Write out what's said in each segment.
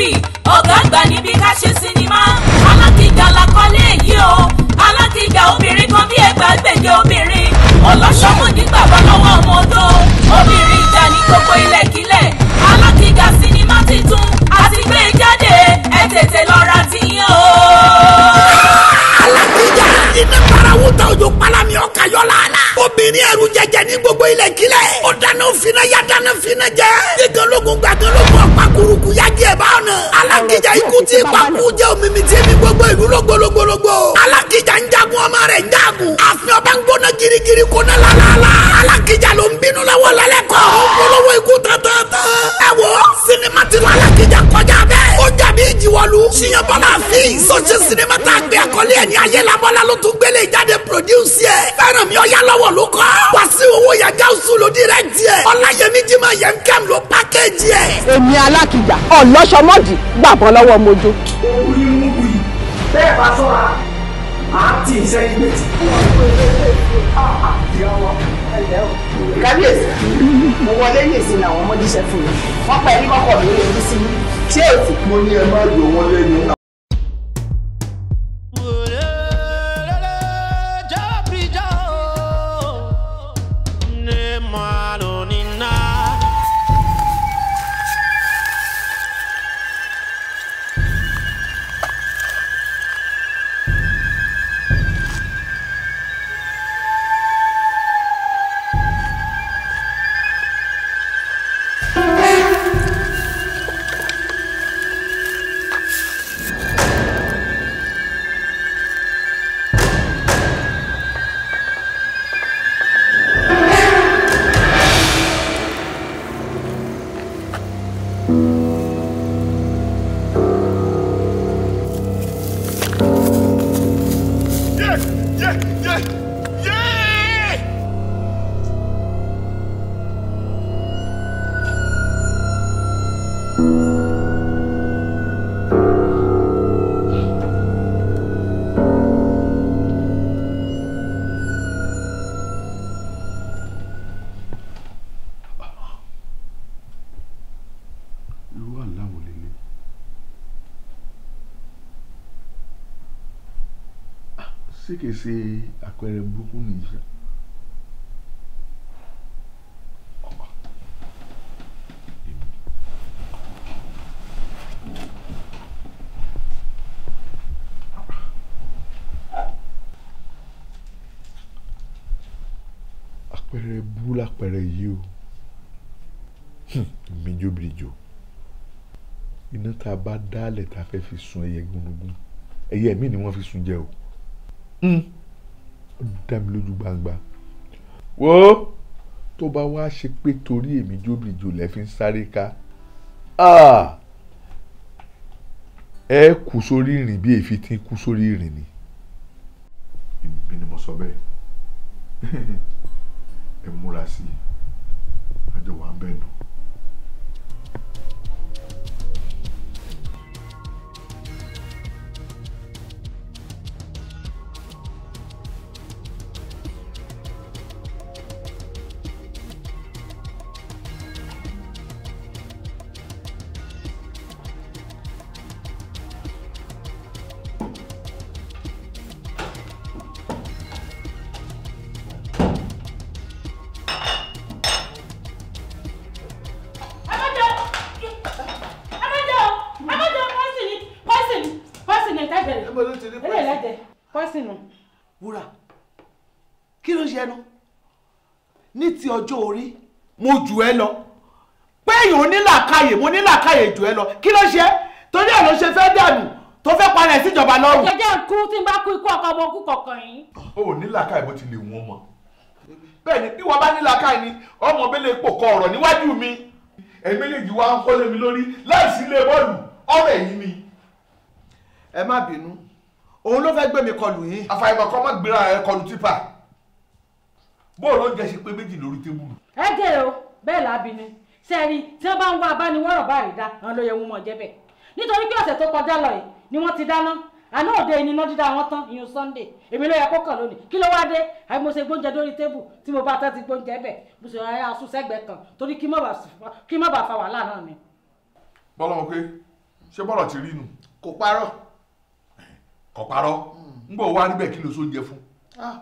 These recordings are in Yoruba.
movie ọ̀gá àgbà níbi ká ṣe sinimá alákìjà làkọlé èyí o alákìjà obìnrin kan bí ẹgbàágbèje obìnrin ọlọ́ṣọ́mọdé gbàgbọ́ lọ́wọ́ ọmọ odó obìnrin ìjà ní gbogbo ilẹ̀kílẹ̀ alákìjà sinimá titun àti gbé e jáde ẹ tètè lọ ra tiyín o. alákìjà iná parawó ta òjò ọkà yọ láàrin fóbìnrin ẹrù jẹjẹ ní gbogbo ilẹ̀ kílẹ̀. ọ̀dàna òfinna yàtàna finna jẹ́. gbẹ̀gànlógún gbàgànlógún ọ̀pá kùrùkù yájí ẹ̀ bá ọ̀nà. alákìjà ikú ti pàkú jẹ́ òmìmì tí mi gbogbo ìlú lógologologo. alákìjà ń jagun ọmọ rẹ̀ ń jagun. àfin ọba ń gbóná girigiri kóná lálálá. alákìjà ló ń bínú lọ́wọ́ lálẹ́ kọ́. ó polówó ikú tán tán tán. ẹ wo sinimá ti lọ alákìjà kọjá bẹ́ẹ̀ ó jàbí ìjìwọ̀lú ṣìyànbọ̀lá àfin sọ́ọ̀ṣì sinimá tá a gbé àkọlé ẹ̀ ní ayélujára ló tún gbélé ìjáde produce ẹ̀ fẹ́ràn mi ọ̀yá lọ́wọ́ ló kọ́ wàásù owó yẹn gáúsù ló direct ẹ̀ ọ̀làyẹmí jimá yẹn kẹ́m ló package ẹ̀. èmi alákìjà ọ̀lọ́sọmọ́dì gbàgbọ́ lọ́wọ́ mojo. orí mú buyì bẹ́ẹ̀ bá sọ́ra máa tì í sẹ́yìn méjì. kábíyèsí mo wọlé ní ìsìn àwọn ọmọdé iṣẹ́ fún mi wọ́n pẹ̀lú kọ́kọ́ mi lórí sí mi tí èsì. mo ní ẹ má jò wọ́n lẹ́nu. ke se akwere bou kouni chan. Akwere bou lakwere yu, mwenjou blidjou. Inan taba dal et a fe fisoun ye goun goun. E ye mwenjou mwenjou mwenjou mwenjou. Mm. ó dá mi lójú gbangba wo tó bá wá ṣe pé torí èmi jóbìjò lẹ fi ń sáré ká ẹ kú sórí ìrìn bí èéfín tí ń kú sórí ìrìn ni. èmi ni mo sọ bẹ́ẹ̀ ẹ múra sí i àjọ wà nù. jù ẹ lọ pé èèyàn onílàkàyè mo nílàkàyè jù ẹ lọ kí ló ṣe torí ẹ ló ṣe fẹ́ dànù tó fẹ́ parẹ́ síjọba lọ́rùn. jẹjẹ kú tí n bá kú ikú ọkọ ọmọ kú kọkàn yìí. o ò nílàkàyè bó ti lè wọ́n mọ́ bẹ́ẹ̀ ni bí wọ́n bá nílàkàyè ni ọmọ bẹ́lẹ̀ pò kọ ọ̀rọ̀ níwájú mi ẹ̀mí méjèèjì wa ń kọ́lé mi lórí láìsí ilé bọ́ọ̀lù ọ̀rọ̀ ẹ̀yìn mi. ẹ má bínú òun ló fẹ́ gbé mi kọlù yìí. àfàìmọ̀ kan má gbéra ẹ kọlù tipa bóòlù oúnjẹ ṣe pé méjì lórí tébùlù. ẹ gẹ̀rẹ́ bẹ́ẹ̀ lábí ni sẹ́ẹ̀rí tí wọ́n bá ń wá abániwọ́rọ̀ báyìí dá àwọn ló yẹ wọn mọ̀ jẹ́ bẹ́ẹ̀ nítorí pé ọ̀sẹ̀ tó kọjá lọ yìí ni wọ́n ti dáná àná òde ìniná dídá wọn tán ìyún Sunday èmi ló yẹ kó kàn lónìí kí ló wá dé àbí mo ṣe gbóúnjẹ dórí tébù tí mo bá tẹ́ ti gbóúnjẹ bẹ̀ mo sì rọra aṣọ sẹ́gbẹ̀ẹ́ kan torí kí má bàa fa wàhálà náà ni. bọ́lá wọn pé ṣé bọ́lá ti rí nu. kò parọ́. kò parọ́ ń hmm. bọ̀ wá níbẹ̀ kí ló sóúnjẹ fún. Ah,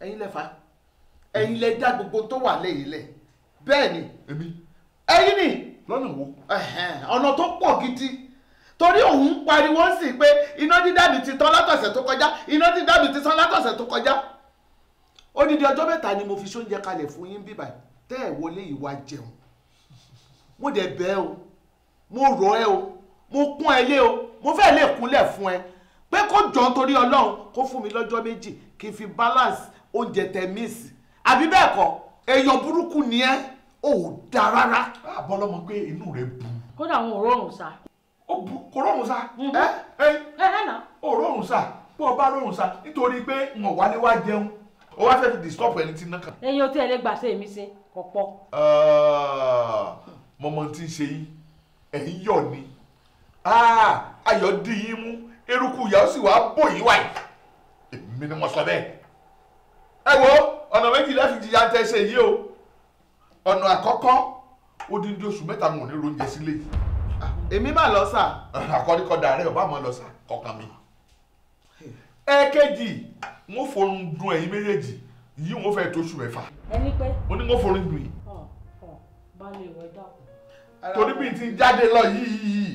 ẹ̀yin lẹ fà ẹ̀yin lẹ dá gbogbo tó wà lẹ́yìn lẹ́yìn bẹ́ẹ̀ ni èmi ẹ̀yin ni lọ́nà wo ọ̀nà tó pọ̀ gidi torí òun pariwo ń sìn pé iná dídá mi ti tán látọ̀sẹ̀ tó kọjá iná dídá mi ti tán látọ̀sẹ̀ tó kọjá odidi ọjọ́ mẹ́ta ni mo fi sóúnjẹ kalẹ̀ fún yín bíbà tẹ́ ẹ̀ wọlé ìwà jẹun mo dẹ̀ bẹ̀ o mo rọ̀ ẹ́ o mo kún ẹ lé o mo fẹ́ lè kúnlẹ̀ fún ẹ pé kó jọ nítorí ọlọ́run kó fún mi lọ́jọ́ méjì kí n fi balance oúnjẹ tẹ miss àbí bẹ́ẹ̀ kọ́ èèyàn burúkú ni ẹ́ o da rárá. àbọ̀lọ́mọ pé inú rẹ̀ bu. kódà àwọn ò rọrùn sa. o bu kò rọrùn sa. ẹ ẹ ẹ rọrùn ọba rọrùn sa nítorí pé wọn wá ní wá jẹun ẹni tí ẹyin o tí ẹ lè gbà sí ọ̀pọ̀. ni ayọ̀ dì yín mú eruku ìyá ó sì wá bò yín wáyé èmi ni mo sọ bẹ́ẹ̀. ẹ wo ọ̀nà méjì o. ọ̀nà àkọ́kọ́ odindi oṣù mẹ́ta mo ní oúnjẹ sílé yìí. èmi máa lọ sà. àkọ́díkọ́dà rẹ̀ ọba máa lọ sà kọ̀ọ̀kan mi. ẹ̀ẹ̀kejì wọ́n forun dun ẹ̀yin méjèèjì yìí wọ́n fẹ́ tóṣù mẹ́fà. ẹni pé. mo ní wọ́n forun dun yìí. ọ̀ ọ̀ balẹ̀ ìwẹ̀ dàpọ̀ torí bí ti jáde lọ yìí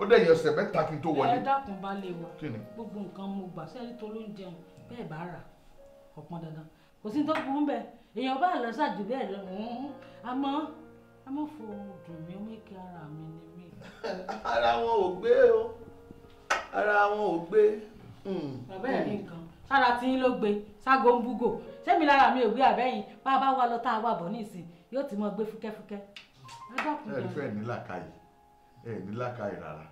ó dẹ̀ yẹ ọ̀sẹ̀ mẹ́ta kí n tó wọlé. ẹ dákun bá lè wá gbogbo nǹkan mo gbà sẹ́yìn tó ló ń jẹun bẹ́ẹ̀ bá rà ọ̀pọ̀n dandan kò sí tó burú bẹ́ẹ̀ èèyàn bá lọ ṣáàjù bẹ́ẹ̀ lọ àmọ́ àmọ́ fòun dùn mí mí kí ara mi ni mí. ara wọn ò gbé o ara wọn ò gbé. Hmm. bàbá ẹ̀ rí sára tí ń ló gbé ságo ń búgò sẹ́mi lára mi ò gbé àbẹ́yìn bá a bá wà lọ tá a wà bọ̀ nísìn yóò ti mọ gbé fúkẹ́fúkẹ́. ẹ rí fẹ́ẹ̀ ní làkàyè ẹ ní làkàyè rárá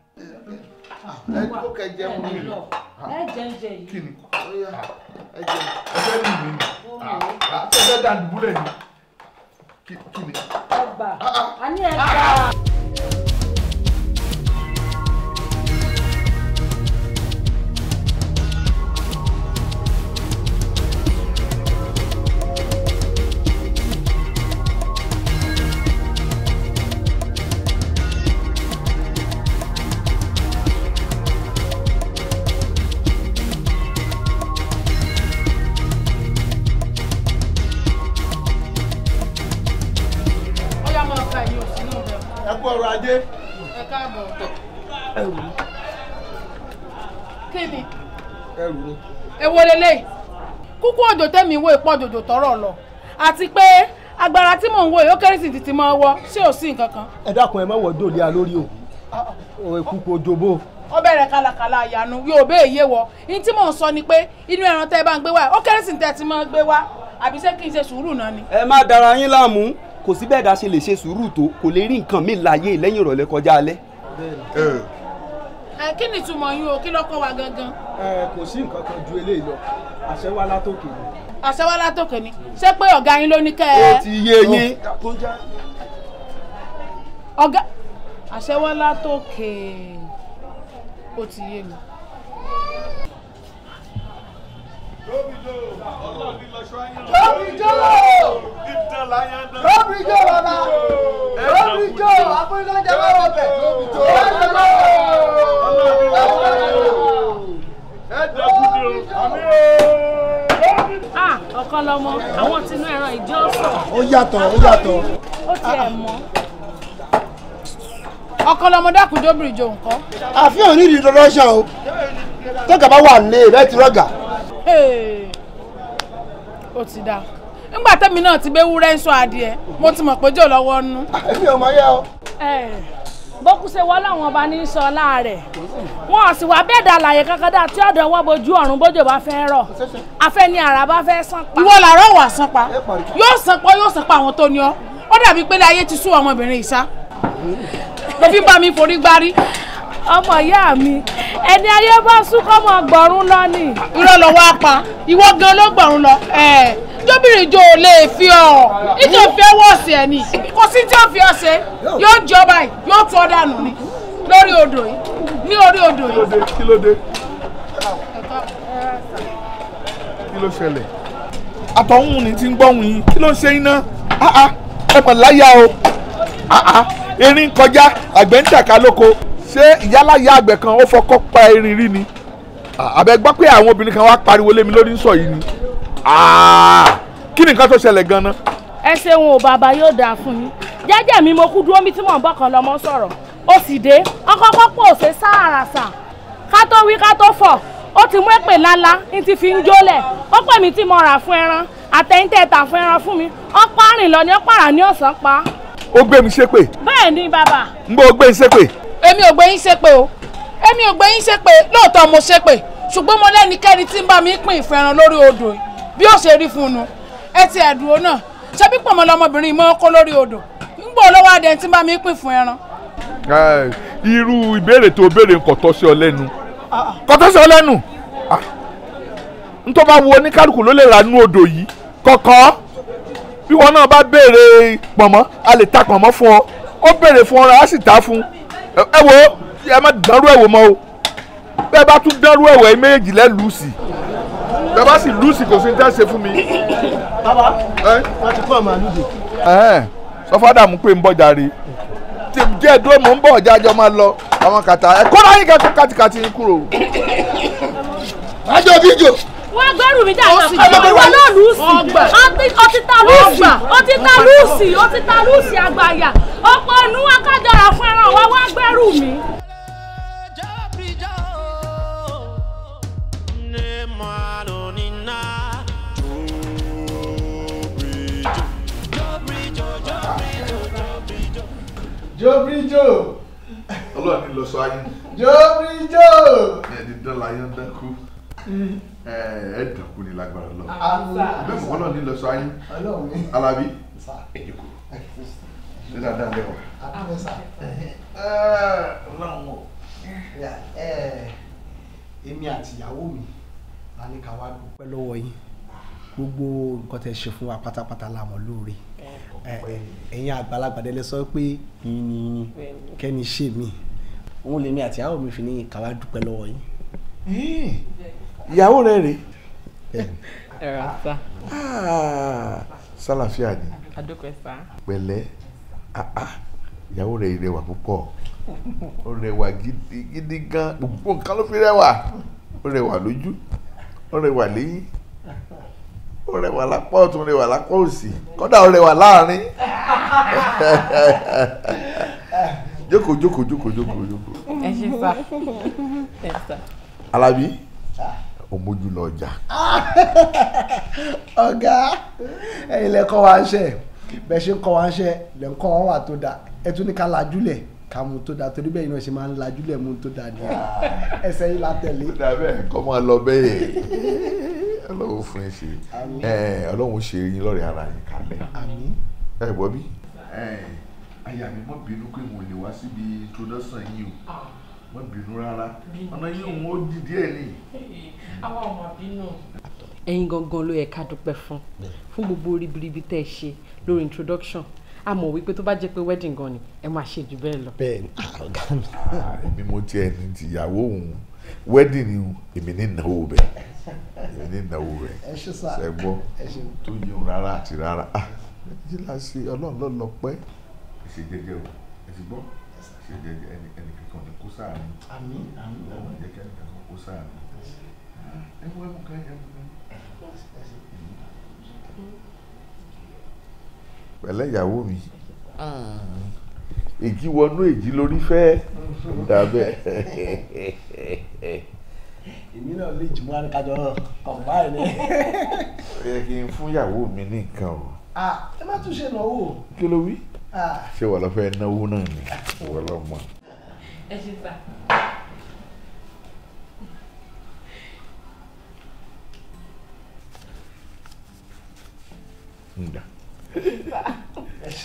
ẹ tó kẹ jẹun mi ẹ jẹun jẹ yìí kí ni ẹ jẹun ẹ fẹ́ lù mí ẹ fẹ́ dàdúgbò lẹ́yìn kí ni. ẹ gbà á ní ẹ gbà. òjò tẹ́mi wo ìpọ́n òjòjò tọrọ lọ àti pé agbára tí mò ń wo yóò kérésì títí mọ́ ọwọ́ ṣé ò sí nǹkan kan. ẹ dákun ẹ má wọ dòlí a lórí o èkú kò jòbó. ó bẹ̀rẹ̀ kàlàkàlà àyànnu yóò bẹ́ẹ̀ yé wọ ní tí mò ń sọ ni pé inú ẹran tẹ́ ẹ bá ń gbé wá ó kérésì tẹ́ ẹ ti máa gbé wá àbí ṣé kí n ṣe sùúrù náà ni. ẹ má dara yín láàmú kò sí bẹ́ẹ̀ dá ṣe lè ṣe sùúrù tó kò lè rí nǹkan mi láàyè lẹ́yìn ìrọ̀lẹ́ kọjá alẹ́ ẹ kí ni ìtumọ̀ yín o kí ló kọ́ wa gangan. ẹ kò sí nǹkan kan ju eléyìí lọ àṣẹ wá látòkè ni. àṣẹ wá látòkè ni ṣé pé ọ̀gá yín ló ní kẹ́ ẹ. ó ti yé yín. ọ̀gá àṣẹ wá látòkè ó ti yé mi. Tóbijó! Tóbijó bàbá! Tóbijó! Àfọ̀nìlànjẹ bá wọ̀ bẹ̀. Tóbijó! Ah, ọ̀kan lọmọ, àwọn tinú ẹran ìjọ sọ. Ó yàtọ̀, ó yàtọ̀. Ó tiẹ̀ mọ́ ọkọ lọmọdákùndóbìnrin jò nǹkan. àfihàn nídìí rọṣà o tọ́gà bá wà nílé rẹ ti rọ́gà ó ti dáa nígbà tẹ́mi náà ti gbéwúrẹ́ ń sọ adìẹ mo ti mọ̀ pé jò lọ́wọ́ nú. èmi ò mọ yẹ o. bókú ṣe wọ́n láwọn ọba ní í sọ láàrẹ̀ wọn ò sì wá bẹ́ẹ̀ dà láàyè kankan dà tí ọ̀dọ̀ wọn bojú ọ̀run bójú bá fẹ́ rọ̀ afẹ́ ni àrà bá fẹ́ sán pa. ìwọ làárọ̀ wà sán pa yóò sán pa yóò sán pa àwọn tó ní ọ ó dàbí pé ayé ti sú ọmọbìnrin ìsá ló fi bá mi forí gbárí ọmọ ìyá mi ẹni ayé bá sún kọ́mọ gbọ̀rún lọ ni. irọ́ lọ wá pa ìwọ gan ló gbọ̀rún lọ jóbìnrin jo lè fi ọ nítorí fi ọwọ́ ọ̀sẹ̀ ẹ̀ ni kò sí tí ó fi ọ̀sẹ̀ yóò jọba yìí yóò tọ́ dànù ni lórí odò yìí ní orí odò yìí. kí ló dé kí ló ṣẹlẹ̀ àtọ̀hún ni ti ń gbọ́hùn yín kí ló ń ṣe iná ah, ah. ẹ pẹ̀lú láyà o ah, erin kọjá àgbẹ̀ ń tàka lóko ṣé ìyálàyà àgbẹ̀ kan ó fọkọ́ pa erin rí ni àbẹ gbọ́ pé àwọn obìnrin kan wá pariwo lé mi lórí ń sọ yìí ni kí ni nǹkan tó ṣẹlẹ̀ gan-an. ẹ ṣeun o bàbá yóò dáa fún yín jẹ́jẹ́ mi mo kú dúró mi tí mò ń bọ̀ kan lọ́mọ sọ̀rọ̀ ó sì dé ọkọ̀ pọ̀ ṣe sáàràsà ká tó wí ká tó fọ̀ ó ti mú èpè ńláńlá ní ti fi ń jólẹ̀ ó pè mí tí mo rà fún ẹran àtẹ̀yìntẹ̀ tà fún ẹran fún mi ọ̀pá rìn lọ ni ọ̀pá rà ní ọ̀sán pa. ó gbé mi ṣépè. bẹ́ẹ̀ ni bàbá. ń bọ́ ó gbé mi ṣépè èmi ò gbé yín ṣépè o èmi ò gbé yín ṣépè lóòótọ́ mo ṣépè ṣùgbọ́n mo lẹ́nikẹ́ni tí ń bá mi pín ìfẹ́ràn lórí odò bí ó ṣe rí fún un ẹ ti ẹ̀dùn náà ṣé bí pọ̀mọ́ lọmọbìnrin mọ́ kó lórí odò ń gbọ́ lọ́wọ́ adé tí ń bá mi pín fún ẹran. irú ìbéèrè tó béèrè kò tọ́ sí ọ lẹ́nu ah, ah. kò tọ́ sí ọ lẹ́nu ah. n tó bá wo oníkálukú ló lè ra nú odò yìí kọ̀kọ́ bí wọn náà bá béèrè pọ̀mọ́ a lè ta pọ̀mọ́ fún ọ ó béèrè fún ọ rà á sì ta fún un ẹ wo ẹ má dánrú ẹ wò mọ́ o bẹ́ẹ̀ bá tún dánrú ẹ̀wọ̀ ẹ méjì lẹ́ lùsì bẹ́ẹ̀ bá sì lùsì kò sí ní tẹ́sí fún mi. bàbá wọn ti kọ́ ọmọ àlùdè. sọ fádà mú pé ń bọ̀ jàre díẹ̀ dúró mò ń bọ̀ jájọ́ máa lọ àwọn kàtà ẹ̀ kó láyé kẹ́kọ̀ọ́ kàtìkàtì kúrò. májọ bíjò wọ́n gbẹ́rù mi dà náà kọ́ ìwọ náà lùsì ọtí ta lùsì ọtí ta lùsì ọtí ta lùsì àgbàyà ọ̀pọ̀ ọ̀nù akájọra fún ẹran wa wọ́n gbẹ́rù mi. Jobrijo. Ọlọ́run ni lọ sọ ayé. Jobrijo. Ẹ̀ẹ́dì dán la yẹn dákú. Mm ẹ dàkú ni lágbára lọ bẹ́ẹ̀ ah, mọ Ọlọ́run nílò sọ ayé Alábí ẹ jòkó ṣe dáadáa lẹ́wà. Ah, Ọlọ́run o èmi àtìyàwó mi la ní ká wá dúpẹ́ lọ́wọ́ yín gbogbo nǹkan tẹ́ ṣe fún wa pátápátá la mọ̀ lóore ẹ̀yin àgbàlagbà délé sọ pé yìnyín kẹ́ni ṣe mí òun lèmi àtìyàwó mi fi ní ká wá dúpẹ́ lọ́wọ́ yín ìyàwó rẹ rèé. ẹ rà sá. Ah, sálàfíà ni. adókòó sá. pẹ̀lẹ́ ah, ah, ìyàwó rẹ rẹwà púpọ̀ ó rẹwà gidigidi gan gbogbo nǹkan ló fi rẹwà ó rẹwà lójú ó rẹwà lẹ́yìn ó rẹwà lápá ọ̀tún ó rẹwà lápá òsì kódà ó rẹwà láàrin jókòó jókòó jókòó jókòó jókòó. ẹ ṣe sá. Alabi ó mójú lọ ọjà. ọ̀gá ẹ̀yin lẹ kọ́ wa ń ṣe bẹ́ẹ̀ ṣe ń kọ́ wa ń ṣe lẹ́ ń kọ́ wọn wà tó dáa ẹ tún ní ká lajú lẹ̀ ká mu tó dáa torí bẹ́ẹ̀ iná ṣe máa ń lajú lẹ̀ mu tó dáa ni ẹsẹ̀ yìí la tẹ̀lé. ó dàbẹ̀ kọ́ máa lọ bẹ́ẹ̀ ọlọ́run fún ẹ ṣe ọlọ́run ṣe yín lọ́rẹ̀ ara yín kalẹ̀ ẹ bọ́ bí. àyà mi mọ̀ bínú pé mo lè wá síbi introduction yìí o. Ah má bínú rárá ọ̀nà yìí òun ó dìde ẹ̀ ní. àwa ò mà bínú. ẹ̀yin gangan ló yẹ ká dúpẹ́ fún fún gbogbo ribiribi tẹ́ ẹ ṣe lórí introduction a mọ̀ wípé tó bá jẹ́ pé wedding gan ni ẹ máa ṣe jù bẹ́ẹ̀ lọ. bẹ́ẹ̀ni ah, ọgá mi. Ah, èmi mo tiẹ̀ ní tìyàwó òun wedding ni èmi ní ìnáwó bẹ èmi ní ìnáwó bẹ ṣe gbọ́ tó yẹun rárá àti rárá méjìlá ah, sí ọlọ́run ló lọ pẹ́. ẹ ṣe jẹ́jẹ́ o ẹ ti gbọ́ ṣe jẹ́jẹ́ ẹnìkan kan kó sáàánú àmín àmín ọmọ jẹ́ kí ẹnìkan kan kó sáàánú ẹ wọ ẹmu kan ẹmu kan. pẹ̀lẹ́ ìyàwó mi èjì ah. wọnú èjì lórí fẹ́ dàbẹ́. èmi náà lè jùmọ̀ àríkájọ kọ̀ǹbáì ni. ó yẹ kí n fún ìyàwó mi ní nǹkan o. Ah, ẹ má tún ṣe náwó. kí ló wí ah. ṣé wà lọ fẹ́ náwó náà ni wọ́n ẹ ṣe sà. nda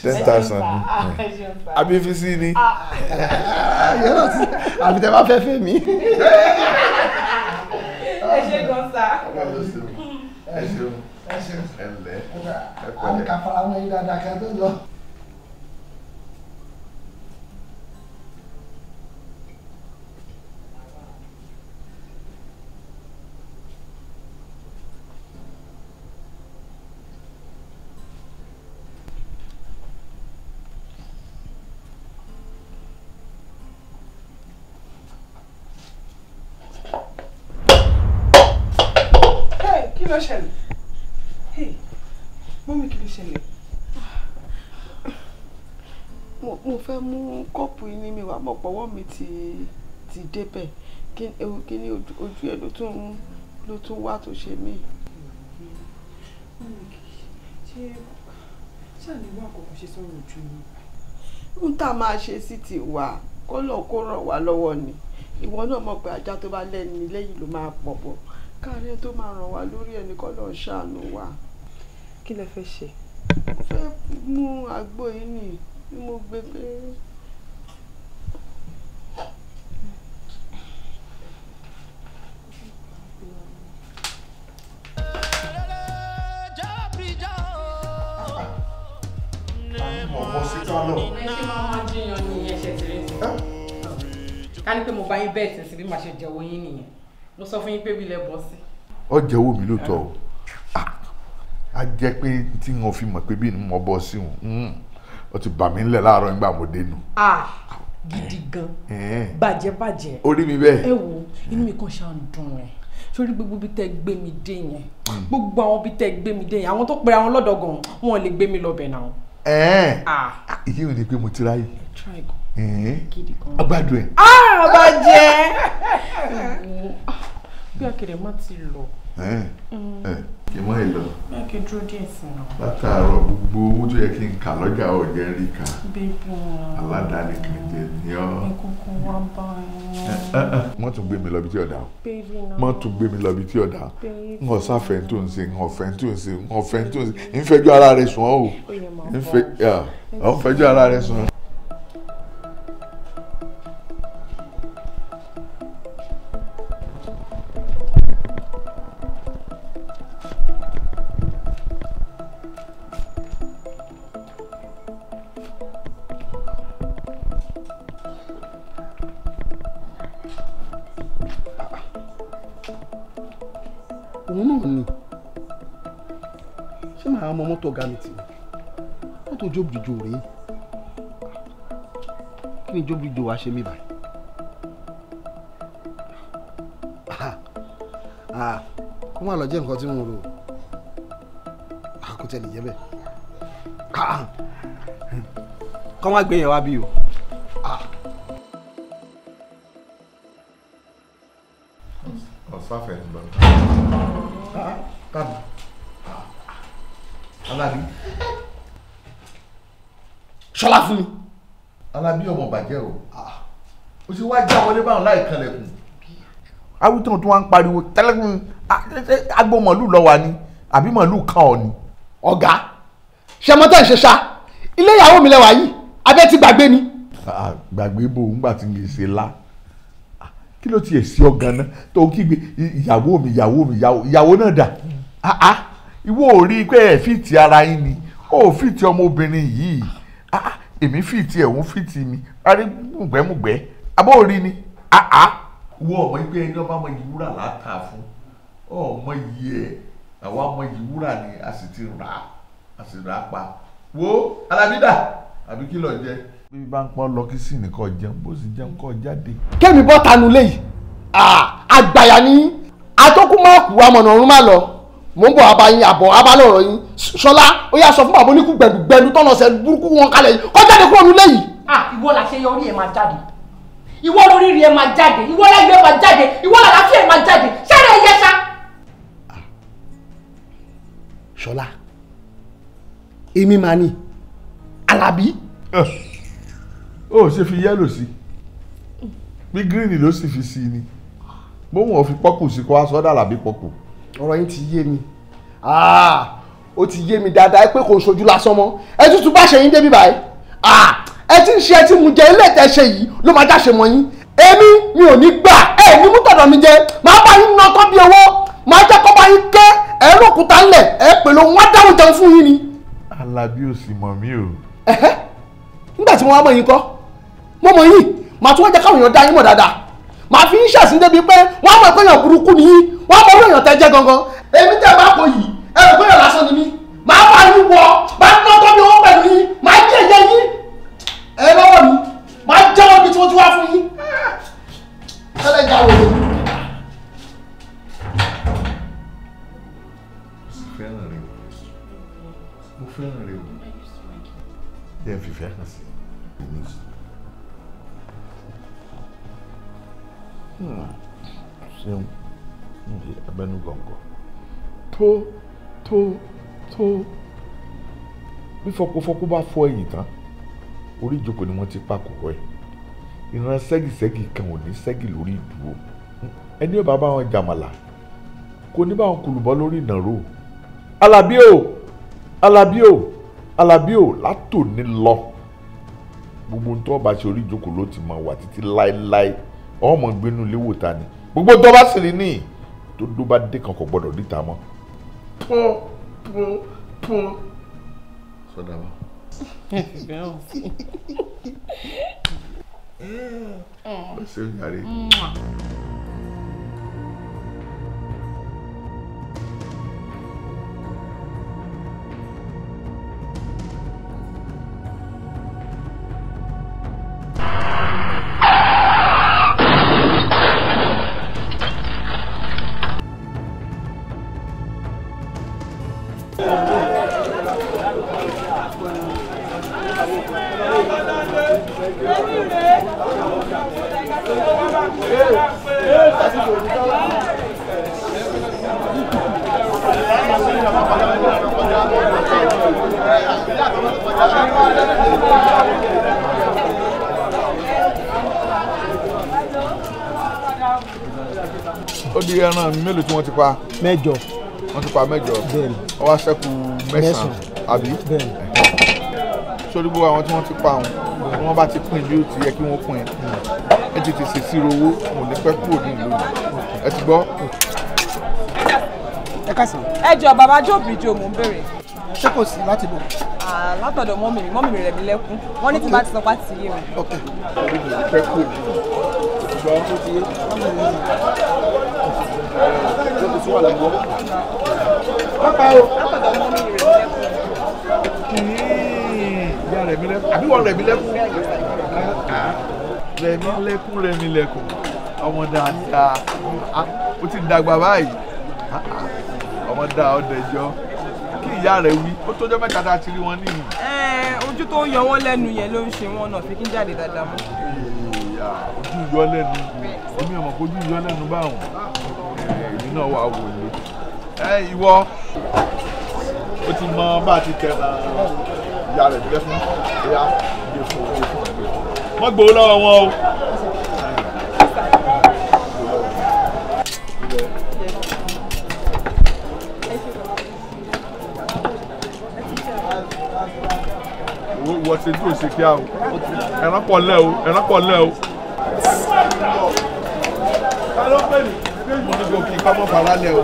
ten thousand àbí fisi ni yọrọ ti àbí tẹ bá fẹ́ fẹ́ mi. ẹ ṣe gan sa. ẹ ṣeun ẹ ṣeun ẹ lẹ ẹ pẹ̀lẹ́. àwọn kàfàrà wọn yìí dáadáa kan tó lọ. mọ̀ pọ́wọ́ mi ti ti débẹ̀ kí ni ojú ẹ̀ ló tún ló tún wá tó ṣe mí. ṣé ṣáàní wà kọ̀ọ̀kan ṣe sọ̀rọ̀ ojú mi. ń tà máa ṣe sí ti wà kó lọ kó ràn wá lọ́wọ́ ni ìwọ náà mọ̀ pé ajá tó bá lẹ́ni lẹ́yìn ló máa pọ̀ bọ̀ káàárẹ̀ tó máa ràn wá lórí ẹni kọ́ lọ́ọ́ ṣàánú wa. kí lẹ fẹ́ ṣe. fẹ́ mú àgbo yìí nì mo gbé pé. ọmọ síta náà. ẹ ṣe máa wá jiyàn ní ẹsẹ̀ tìrẹsì. ká ní pé mo bá yín bẹ́ẹ̀ tẹ̀sí bí màá ṣe jẹ̀wọ́ yín nìyẹn mo sọ fún yín pé wílẹ̀ bọ́ sí. ọ jẹ́wọ́ mi lóòótọ́ o ah, a jẹ́ pé tí wọ́n fi mọ̀ pé bí mo bọ́ sí wọn hmm, ó ti bà mí nílẹ̀ láàárọ̀ nígbà mo dé nù. Ah, gidi gan eh. bàjẹ́ bàjẹ́ orí mi bẹ́ẹ̀. ẹ wo inú mi kàn ṣáà ń dùn ẹ̀ torí gbogbo bí tẹ gbé mi dé yẹn hmm. gbogbo àwọn bí tẹ gbé mi dé yẹn àwọn tó pera wọn lọ́dọ̀ gan wọn lè gbé mi lọ bẹ̀ náà ìyí ò ní pé mo ti ráyè ọgbàdo ẹ. ọba jẹ bí akéde má ti lọ. Mm. kí mọ́ ẹ lọ. ẹ kí dúró díẹ̀ sí i náà. látàárọ̀ gbogbo owó tó yẹ kí n kà lọ́jà ọ̀jẹ́ rí ká. bíbí aládàáni kan jẹ ní ọ. ìkókó wa bá ẹ. wọ́n tún gbé mi lọ bí tí ọ̀dà o. bíbí náà. wọ́n tún gbé mi lọ bí tí ọ̀dà o. n ò sáfẹ́ tó ń ṣe n ò fẹ́ tó ń ṣe n ò fẹ́ tó ń ṣe n fẹ́jọ́ ara rẹ̀ sùn ọ́ o. ó yẹ mọ̀ ọ́ n mú jóbìjò rèé kí ni jóbìjò wá ṣe mí báyìí. Ah, ah, kó má lọ jẹ́ nǹkan tí mo rò ah, kó tẹ̀lé jẹ́ bẹ́ẹ̀ kó má gbé yẹn wá bí o. o ti wá já wọlé báwọn láì kanlẹ̀kùn. awítàn tó wá ń pariwo tẹlẹkùn agbo màálù lọ wà ni àbí màálù kan ọ ni. ọ̀gá ṣẹmọ́tà ìṣẹ̀ṣà ilé ìyàwó mi lẹ́wà yìí abẹ́ ti gbàgbé ni. gbàgbé bò ń gbà tí n kì í ṣe la kí ló tiẹ̀ sí ọ̀gá náà tó kígbe ìyàwó mi ìyàwó mi ìyàwó náà dà ìwọ ò rí i pé ẹ̀ fìtì ara yín ni ó fìtì ọmọbìnrin yìí èmi fìtì ẹ̀ òun fìtì mi arígbùngbẹ́mùgbẹ́ abóòrí ni àá. wọ ọmọ ẹgbẹ́ ẹni ọba ọmọ yìí wúrà látà fún ọmọ yìí ẹ àwa ọmọ yìí wúrà ni a sì ti rà á a sì rà á pa wo alábídà àbí kí lọ jẹ. bí bá ń pọ́n lọ kí sì ní kọ́ jẹun bó sì jẹun kọ́ jáde. kẹ́mi bọ́ tanu léyìí àgbàyà ni atókùnmọ́ọ̀kù amọ̀nà ọ̀run má lọ mo ń bọ̀ abayin àbọ̀ abalọ̀rọ̀ yín ṣọlá ó yà sọ fún bàbá oníkú gbẹ̀dùgbẹ̀dù tọ́nà ṣẹ́ burúkú wọn kalẹ̀ yìí kọ́ jáde kúrò nílé yìí. ìwọ làṣeyọrí ẹ máa jáde ìwọ lórí rí ẹ máa jáde ìwọ lẹ́gbẹ́ ẹ máa jáde ìwọ làlàáfíà ẹ máa jáde ṣẹlẹ ẹyẹ ṣá. ṣọlá èmi máa ní alábí. Ah. ó ṣe fi yẹ́lò sí bí gírínì ló sì fi sí ni bóun ò fi pọ́kù sí kó wá sọ́dà àlàbí pọ́kù. ọ̀rọ̀ yín ti yé mi ah, ó ti yé mi dáadáa pé kò ń ṣojú lásán mọ́ ẹ tútù bá ṣe yín débi báyìí ah, ẹ ti ń ṣe ẹ ti mú jẹ ilé ìtẹ̀ṣe yìí ló máa dáṣe mọ́ yín èmi mi ò ní gbà ẹ ní mú tọ̀dọ̀ mi jẹ màá bá yín ná tọ́ bí owó màá jẹ́ kọ́ bá yín kẹ́ ẹ lókùúta ńlẹ̀ ẹ pẹ̀lú wọn dáhùn jẹun fún yín ni. alábí ò sì mọ̀ mí o. nígbà tí mo wá mọ̀ yín kọ́ mo mọ̀ yín màá tún wọ́n jẹ́ káwọn èèyàn dá yín mọ̀ dáadáa màá fi yín ṣàṣìn débi pé wọ́n mọ̀ pé èèyàn burúkú ni yín wọ́n mọ̀ pé èèyàn tẹ́ jẹ́ gangan èmi ni mí màá bá yín wọ ẹ lọ́wọ́ mi máa jáwọ́ bí tí mo ti wá fún yín tẹ́lẹ̀ jáwọ́ mi. fẹ́ràn rẹ o mo fẹ́ràn rẹ o yẹ fìfẹ́ hàn sí èmi. Hmm. ṣeun ní abẹnú gọ̀ǹgọ̀ tó tó tó bí fọkofọko bá fọ ẹ̀yìn tán orí ìjókòó ni wọ́n ti pàkókọ́ ẹ̀ ìran ṣẹ́gìṣẹ́gì kan ò ní ṣẹ́gì lórí ìdúró ẹni ò bá bá wọn jàmàlà kò ní bá wọn kùlùbọ́ lórí ìnáró alábí o alábí o alábí o látòní lọ gbogbo ntọ́ bá ṣe orí ìjókòó ló ti máa wà títí láéláé ọmọ gbénu léwò ta ni gbogbo ntọ́ bá sì rí níyì tó dó bá dé kan kò gbọdọ̀ níta mọ́ pọ́n pọ́n pọ́n sọdá wa. bills. bills. yeah. Mm. Let's see, ó di ẹran mélòó tí wọ́n ti pa. mẹ́jọ. wọ́n ti pa mẹ́jọ. bẹ́ẹ̀ni. wọ́n wá ṣẹ́kù mẹ́sàn-án àbí. bẹ́ẹ̀ni. sórí gbogbo àwọn tí wọ́n ti pa àwọn tí wọ́n bá ti pín bí ó ti yẹ kí wọ́n pín hmm. ẹ tètè ṣèṣirò owó mo lè pẹ́ kúrò ní ìlú hmm. ẹ ti gbọ́. Hmm. ẹ kásán. ẹ jọ bàbá jóòbí jo mò ń béèrè. ṣé kò sí láti bò. látọ̀dọ̀ mọ́mì mi mọ́mì mi rẹ̀ mí lẹ́kún wọ́n ní tí bá ti sọ pátì yé wọn. ok. ẹ jọ bàbá jóòbí jo mò ń béèrè pápá o. ìyá rẹ̀ mi lẹ́kùn àbí wọ́n rẹ̀ mi lẹ́kùn rẹ̀ mi lẹ́kùn rẹ̀ mi lẹ́kùn ọmọ dáadáa ó ti dàgbà báyìí ọmọ dáa ọdọ ẹjọ kí ìyá rẹ̀ wí ó tọ́jọ́ mẹ́ta tá a ti rí wọn nìyí. ojú tó yọ wọ́n lẹ́nu yẹn ló ń ṣe wọn náà fi kí n jáde dáadáa mọ́. ojú yọ lẹ́nu èmi ọmọ kò ojú yọ lẹ́nu báwọn èmi náà wà wò lé ẹ ìwọ o ti mọ bá a ti tẹ ìyá rẹ̀ bílẹ̀ fún ìyá gbé fún gbé fún gbé fún wọ́n gbowó lọ́wọ́ wọn o. wọ́n ṣe dúró ṣe kí a o ẹ̀rán pọ̀ lẹ́ o ẹ̀rán pọ̀ lẹ́ o. ta ló pè mí gòkè kámọ́ fara lẹ̀ o.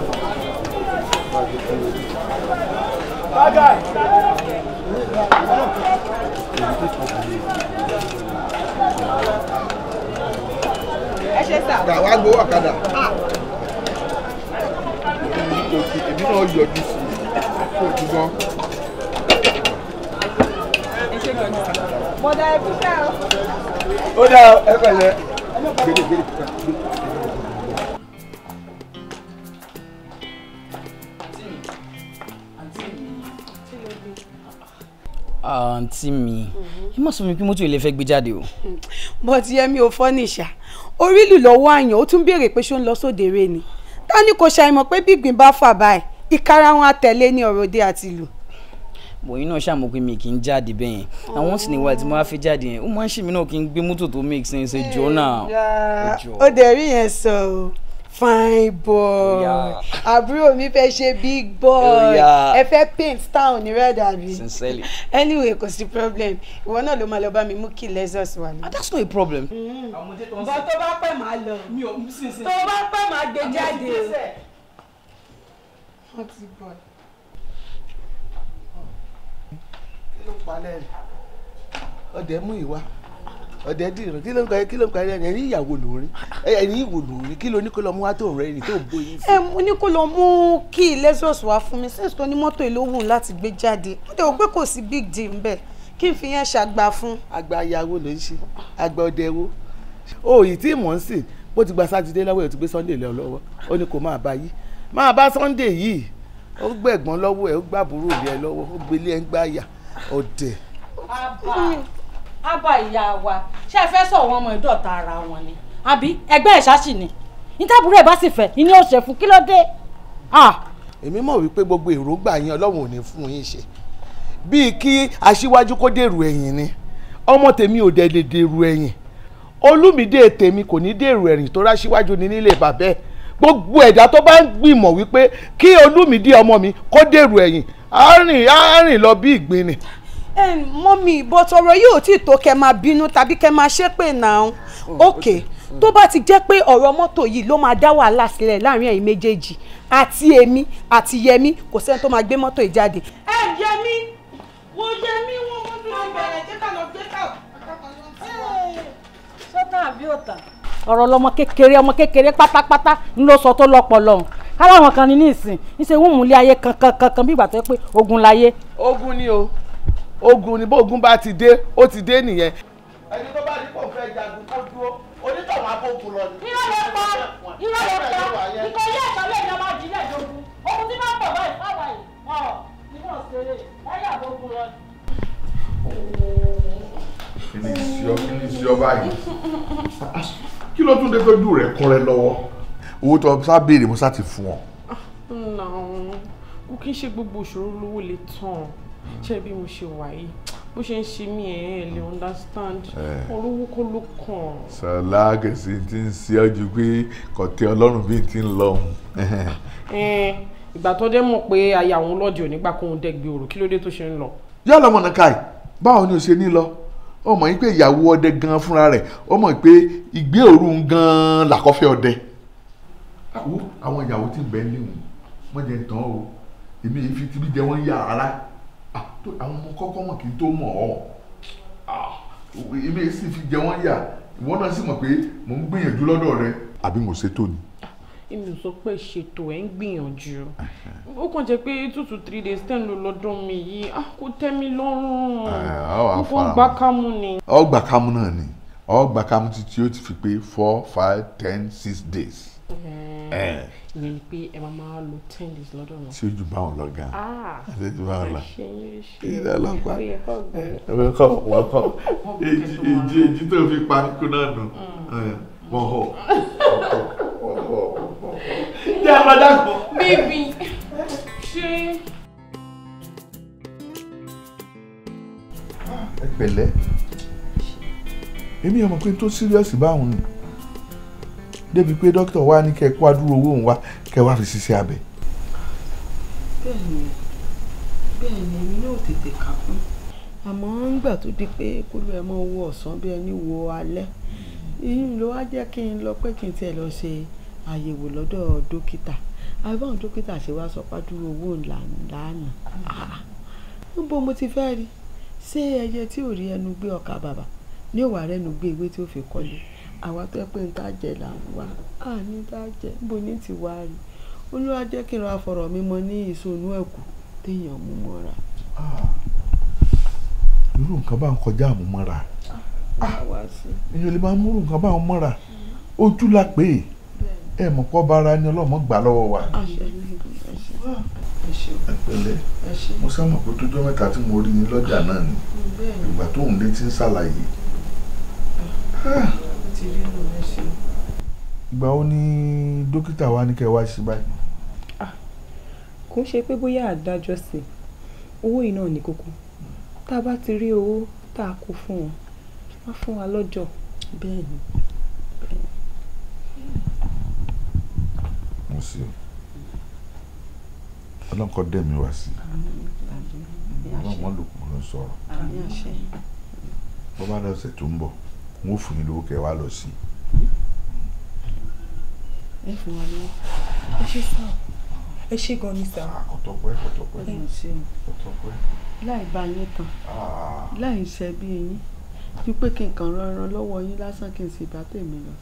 gbà wá gbowó ọ̀kadà èmi náà yọjú sí i kó tún bọ́. ó dáa ẹ pẹ̀lẹ́ àǹtí mi mhm. ẹ má sọ mi pé mọ́tò ilé fẹ́ gbé jáde o. Hmm. bọ́tí yẹmi ò fọ́ nìṣà orí lù lọ́wọ́ àyàn ó tún béèrè pé ṣó ń lọ sóde rẹ ni ta ni kò ṣàìmọ̀ pé bígbìn bá fà báyìí ìkarahun àtẹ̀lé ní ọ̀rọ̀ òde àti ìlú. bòyí náà ṣàmọ̀ pé mi kì í jáde bẹ́ẹ̀ yẹn àwọn hmm. sì ni wà tí mo bá fi jáde yẹn ó máa ń ṣèmi náà kí n gbé mọ́tò tó make sense jọ náà. Hmm. ó dẹ̀ rí yẹn sọ o fine boy Yeah. àbúrò mi fẹ́ ṣe big boy ẹ fẹ́ paint town ní red àbí sincerely anyway kò sí problem ìwọ náà ló máa lọ bá mi mú kí lexus wà ní. ah that's not a problem. Mm. bọ́ tó bá pẹ́ máa lọ tó bá pẹ́ máa gbé jáde o. wọ́n mú ìwà ọ̀dẹ̀ dìrò kí ló ń kọ kí ló ń kọ ẹ ní ìyàwó lórí ẹ ìwò lórí kí ló ní kó lọ mú wá tó rẹ ní tó bóyí fún. ẹ mo ní kó lọ mú kí lexus wá fún mi sẹ́sì tó ní mọ́tò ìlówù láti gbé jáde ó dẹ̀ ó pé kò sí big deal ń bẹ̀ kí n fi yẹn ṣàgbà fún. àgbà ìyàwó ló ń ṣe àgbà ọdẹ wo òòyì tí mò ń sìn bó ti gba sátidé lọ́wọ́ ẹ̀ tó gbé sunday lọ lọ́wọ́ ó ní kó máa bá yí máa bá sunday yìí ó gbẹ̀gbọ́n lọ́wọ́ ẹ̀ ó gbàbúrò rẹ̀ lọ́wọ́ ó gbélé ẹ̀ ń gbáyà ọ̀dẹ̀ ábà ìyá wa ṣé ẹ fẹ́ sọ wọn ọmọ ìdọ̀ta ara wọn ni àbí ẹgbẹ́ ẹ̀ ṣáṣì ni ìtàbùrẹ̀ bá sì fẹ́ ìní òṣè fún kí ló dé. èmi mọ̀ wípé gbogbo èròǹgbà yín ọlọ́run ò ní fún yín ṣe bíi kí aṣíwájú kó dèrò ẹ̀yìn ni ọmọ tèmi ò dẹ̀ lè dèrò ẹ̀yìn olùmídé tèmi kò ní dèrò ẹ̀yìn tó ráṣíwájú ni nílé bàbẹ́ gbogbo ẹ̀dá tó bá ń gbìmọ̀ wípé kí olùmídé ọmọ mi kó dèrò ẹ̀yìn á rìn lọ bí ìgbín ni mọ́mí but ọ̀rọ̀ yìí ò tí ì tó kẹ́ máa bínú tàbí kẹ́ máa ṣépè náà oh, ok tó bá ti jẹ́ pé ọ̀rọ̀ mọ́tò yìí ló máa dá wàhálà sílẹ̀ láàrin ẹ̀yin méjèèjì àti èmi àti yẹmi kò sẹ́ni tó máa gbé mọ́tò yìí jáde. ẹ yẹmi wo yẹmi wọn mú mi bẹ̀rẹ̀ jẹ́ ká lọ gbé ká sọ́tà àbí ọ̀tà. ọ̀rọ̀ lọmọ kékeré ọmọ kékeré pátápátá ń lọ sọ tó lọ́pọ̀ lọ́hùn káláwọn kan ní ní ìsìn ń ṣe wọ́n mú ilé ayé kankan kankan bí ìgbà tó yẹ pé ogun láyé. ogun ni o ogun ni bóògùn bá ti dé ó ti dé nìyẹn. ẹni tó bá ní kò fẹ́ jagun kó dúró onítọ̀wọ́ abógun lọ ni. irọ́ ló pa irọ́ ló pa ìkọ̀ ilé ẹ̀ṣọ́ lè yan máa jílẹ̀ lógún ohun tí máa ń bọ̀ báyìí fáwọn yìí ọ̀ nínú òṣèré láyé àbógun lọ ni. kí ni ìṣe ọ kí ni ìṣe ọ báyìí kí ló tún dé tójú rẹ kún lọ́wọ́ owó tó sá béèrè mo sá ti fún ọ. kò kí ń ṣe gbogbo ìṣòro lówó lè tán ṣé bí mo ṣe wà yìí bó ṣe ń ṣe mí ẹ ẹ lè understand orúkú kó ló kàn. sọlá kẹsì ti ń ṣe ọ ju pé kọtẹ Ọlọ́run bíi ti ń lọ. ìgbà tó dé mọ̀ pé aya òun lọ́ọ̀dì ò nígbà kóun dẹ́gbẹ́ òrò kí ló dé tó ṣe ń lọ. yálà mọ̀nà káì báwo ni o ṣe ní lọ ó mọ̀ yín pé ìyàwó ọdẹ gan fúnra rẹ̀ ó mọ̀ pé ìgbé òru gan làkọ́fẹ́ ọdẹ. àwọn ìyàwó ti bẹ́ẹ̀ léwu wọ́n jẹ tán o èmi ìfi ti bí jẹ wọ́n yà rárá pé àwọn ọmọ kọ́kọ́ mọ̀ kí n tó mọ̀ ọ́ ibi ah, sì fi jẹ wọ́n yà ìwọ náà sì mọ̀ pé mò ń gbìyànjú lọ́dọ̀ rẹ. àbí mo ṣètò ni. èmi ò sọ pé ṣètò ẹ̀ ń gbìyànjú ó kàn jẹ́ pé two to three days ten ló lọ́dún mi yìí ah, kò tẹ́ mi lọ́rùn ah, kò gbà ni. ọ gbà náà ni ọ gbà kámú títí ó ti fi pé four five ten six days. Mm. Eh ni pé ẹ máa máa lo ten days lọ́dọ̀ náà. tí o jù bá wọn lọ gan. àti ah, jù bá wọn lọ. ìdá ọlọ́pàá ẹ kọ wọn kọ èjì èjì tó fi pa kú náà nù mm. wọn họ wọn họ wọn họ. jẹ́ àmàdà kọ́. bíbí ṣé. ẹ pẹ̀lẹ́ èmi ọmọ pé tó síríọ́sì báwọn ni débi pé dókítà wa ní kẹ́ ẹ wá dúró owó òun wá kẹ́ ẹ wá fi ṣiṣẹ́ abẹ. bẹ́ẹ̀ni bẹ́ẹ̀ni èmi náà tètè kà fún àmọ́ ńgbà tó di pé kúlù ẹ mọ owó ọ̀sán bí ẹni wo alẹ́ ìyún ló wá jẹ́ kí n lọ pé kí n tiẹ̀ lọ ṣe àyẹ̀wò lọ́dọ̀ dókítà àbáwọn dókítà ṣe wá sọ pàdúró owó ńlá lánàá níbo mo ti fẹ́ rí ṣé ẹyẹ tí ò rí ẹnu gbé ọkà bàbà ní òwà rẹnu gbé ewé tí ó fi kọ́lé àwa tó yẹ pé ń tá jẹ là ń wá à ní tá jẹ bó ní ti wá rí olúwa jẹ́ kí n ra fọ̀rọ̀ mi mọ ní ìsonú ẹ̀kú téèyàn mú mọ́ra. irú nǹkan bá ń kọjá àmúmọ́ra èèyàn lè máa múrù nǹkan bá ń mọ́ra ojú la pè é ẹ mọ̀ kọ́ bára ni ọlọ́mọ gbà lọ́wọ́ wa. ẹ pẹ̀lẹ́ mo sábà pé tójọ́ mẹ́ta tí mo rí ni lọ́jà náà ni ìgbà tóun létí ń ṣàlàyé. Ah ṣe rí nù ẹ ṣe. ìgbà wo ni dókítà wa ní kẹ́ ẹ wá sí báyìí. Ah, kò ń ṣe pé bóyá àdájọ́ sí owó yìí ní kókó tá a bá ti rí owó tá a kó fún wọn wá fún wa lọ́jọ́. bẹ́ẹ̀ ni. mo sì ọlọ́run kọ́ dẹ̀ mí wá sí i ọlọ́run wọn lò kúrò sọ̀rọ̀ bọ́ lọ́sẹ̀ tó ń bọ̀ n ó fún yín lówó kẹ́ wá lọ sí. ẹ fún wa lówó ẹ ṣe sá ẹ ṣe gan ni sá. àkọtọpẹ ah, kọtọpẹ kọtọpẹ. láì bá yín tán ah. láì ṣe bí yín bí pé kí n kàn ràn lọ́wọ́ yín lásán kí n sì bá tèmi lọ.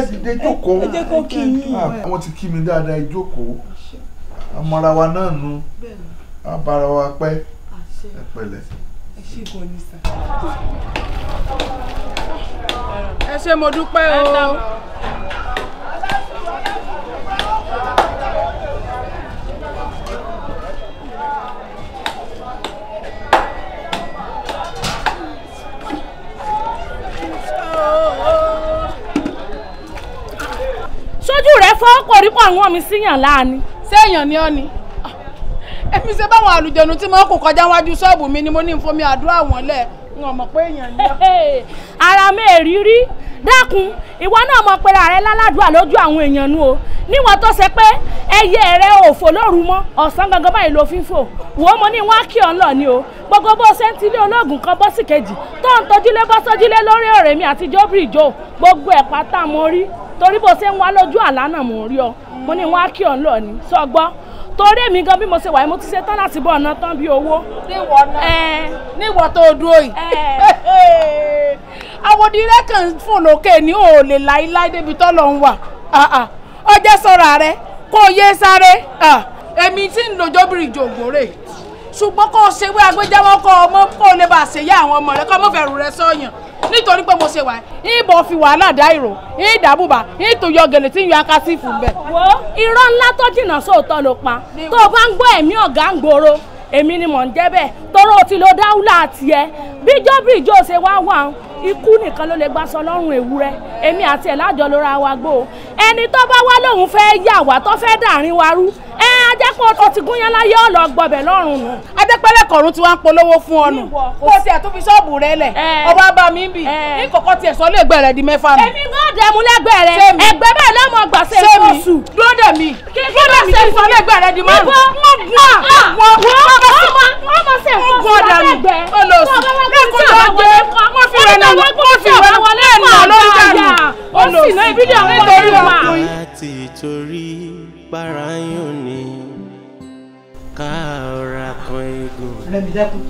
ẹ dìde jókòó ẹ jẹ́ kó kí yín. Ah, wọ́n ti kí mi dáadáa ẹ jókòó amọ̀ra wa náà nu abara wa pẹ́ ẹ pẹ̀lẹ́ ṣe gan ni sà. ẹ ṣé mo dúpẹ́ o. sójú rẹ fọ́ kò rí àwọn mi síyàn láàánú. séèyàn ni ọ́ ni èmi ṣe báwọn àlùjẹnu tí wọn kò kọjá wájú ṣọ́ọ̀bù mi ni mo ní fún mi àdúrà wọn lẹ̀ n ò mọ̀ pé èèyàn ní. ara mi èrì rí dákun ìwọ náà mọ̀ pé ààrẹ lálàdúrà lójú àwọn èèyàn nu o níwọ̀n tó ṣe pé ẹyẹ rẹ ò fò lóru mọ́ ọ̀sán gangan báyìí ló fi ń fò wò ó mo ní wọn á kí ọ ń lọ ni o gbogbo bó ṣe ń tilé ológun kan bọ́ sí kejì tó ń tojúlé bọ́ sójúlé lórí ọ̀rẹ́ mi àti jóbìrì jò gbogbo ẹ̀ pátá mo rí torí bó ṣe ń wá lójú àlá náà mo rí ọ mo ní wọn á kí ọ ń lọ ni sọ gbọ́ torí èmi gan bí mo ṣe wà mo ti ṣe tán láti bọ̀ ọ̀nà tán bí owó. níwọ náà níwọ tó dúró yìí. awodire kan fò lókè ní o lè láíláí débi tó lọ ń wà ọjọ́ ah, ah. sọ̀rọ̀ rẹ kó o yé sáré ah. èmi tí ń lòjọ́bìrì jògbórè ṣùgbọ́n kó o ṣe wé agbẹ́jáwọ́ kó o mọ́ kó o ṣèyá àwọn ọmọ rẹ kó o mọ̀ fẹ́rù rẹ sọ́yàn nítorí pé mo ṣe wà ìbọn fi wàhálà dá ìrò ìdàbùbà ìtòyọ gèlè tí ń yan akásí fún bẹ. wo irọ́ ńlá tó jìnnà sóòótọ́ ló pa tó o bá ń gbọ́ ẹ̀mí ọ̀gá ń gbòòrò èmi ni mò ń jẹ́ bẹ́ẹ̀ tọ́rọ ti lo dáúlà tiẹ̀ bíjọ́ bíjọ́ ṣe wá wà ń ikú nìkan ló lè gbà sọ lọ́rùn ewúrẹ́ èmi àti ẹ̀ lájọ ló wa gbó ẹni tó bá wá lóun fẹ́ yà wá tó fẹ́ dàrin wa rú ẹ á jẹ́ pé o ti gún yẹn láyé ọ̀lọ́ gbọ̀bẹ̀ lọ́rùn nù. adẹ́pẹ́lẹ́ kọ̀ọ̀rún tí wọ́n ń polówó fún ọ nù. kó tiẹ̀ tún ṣọ́ọ̀bù rẹ lẹ̀ ọba bá mi bì ní kọ̀kọ́ tiẹ̀ sọ lè gbẹ̀rẹ̀ di mẹ́fà mi. èmi náà dẹ̀mú lẹ́gbẹ̀ẹ́ rẹ ẹgbẹ́ bẹ́ẹ̀ lọ́mọ gbà ṣe fọ́ọ̀sù lóde mi lóde mi sọ lẹ́gbẹ̀ẹ́ rẹ di márùn. wọ́n gbọ́n wọ́n gbọ́n wọ́n mọ̀ sẹ́ fọ́ọ̀sù lẹ́gbẹ̀ẹ́ olóòsù lẹ́kọ̀ọ́ lọ́dẹ wọ́n fi rẹ̀ wọlé ẹ̀ kára kan egbò. rẹmi dẹ́kun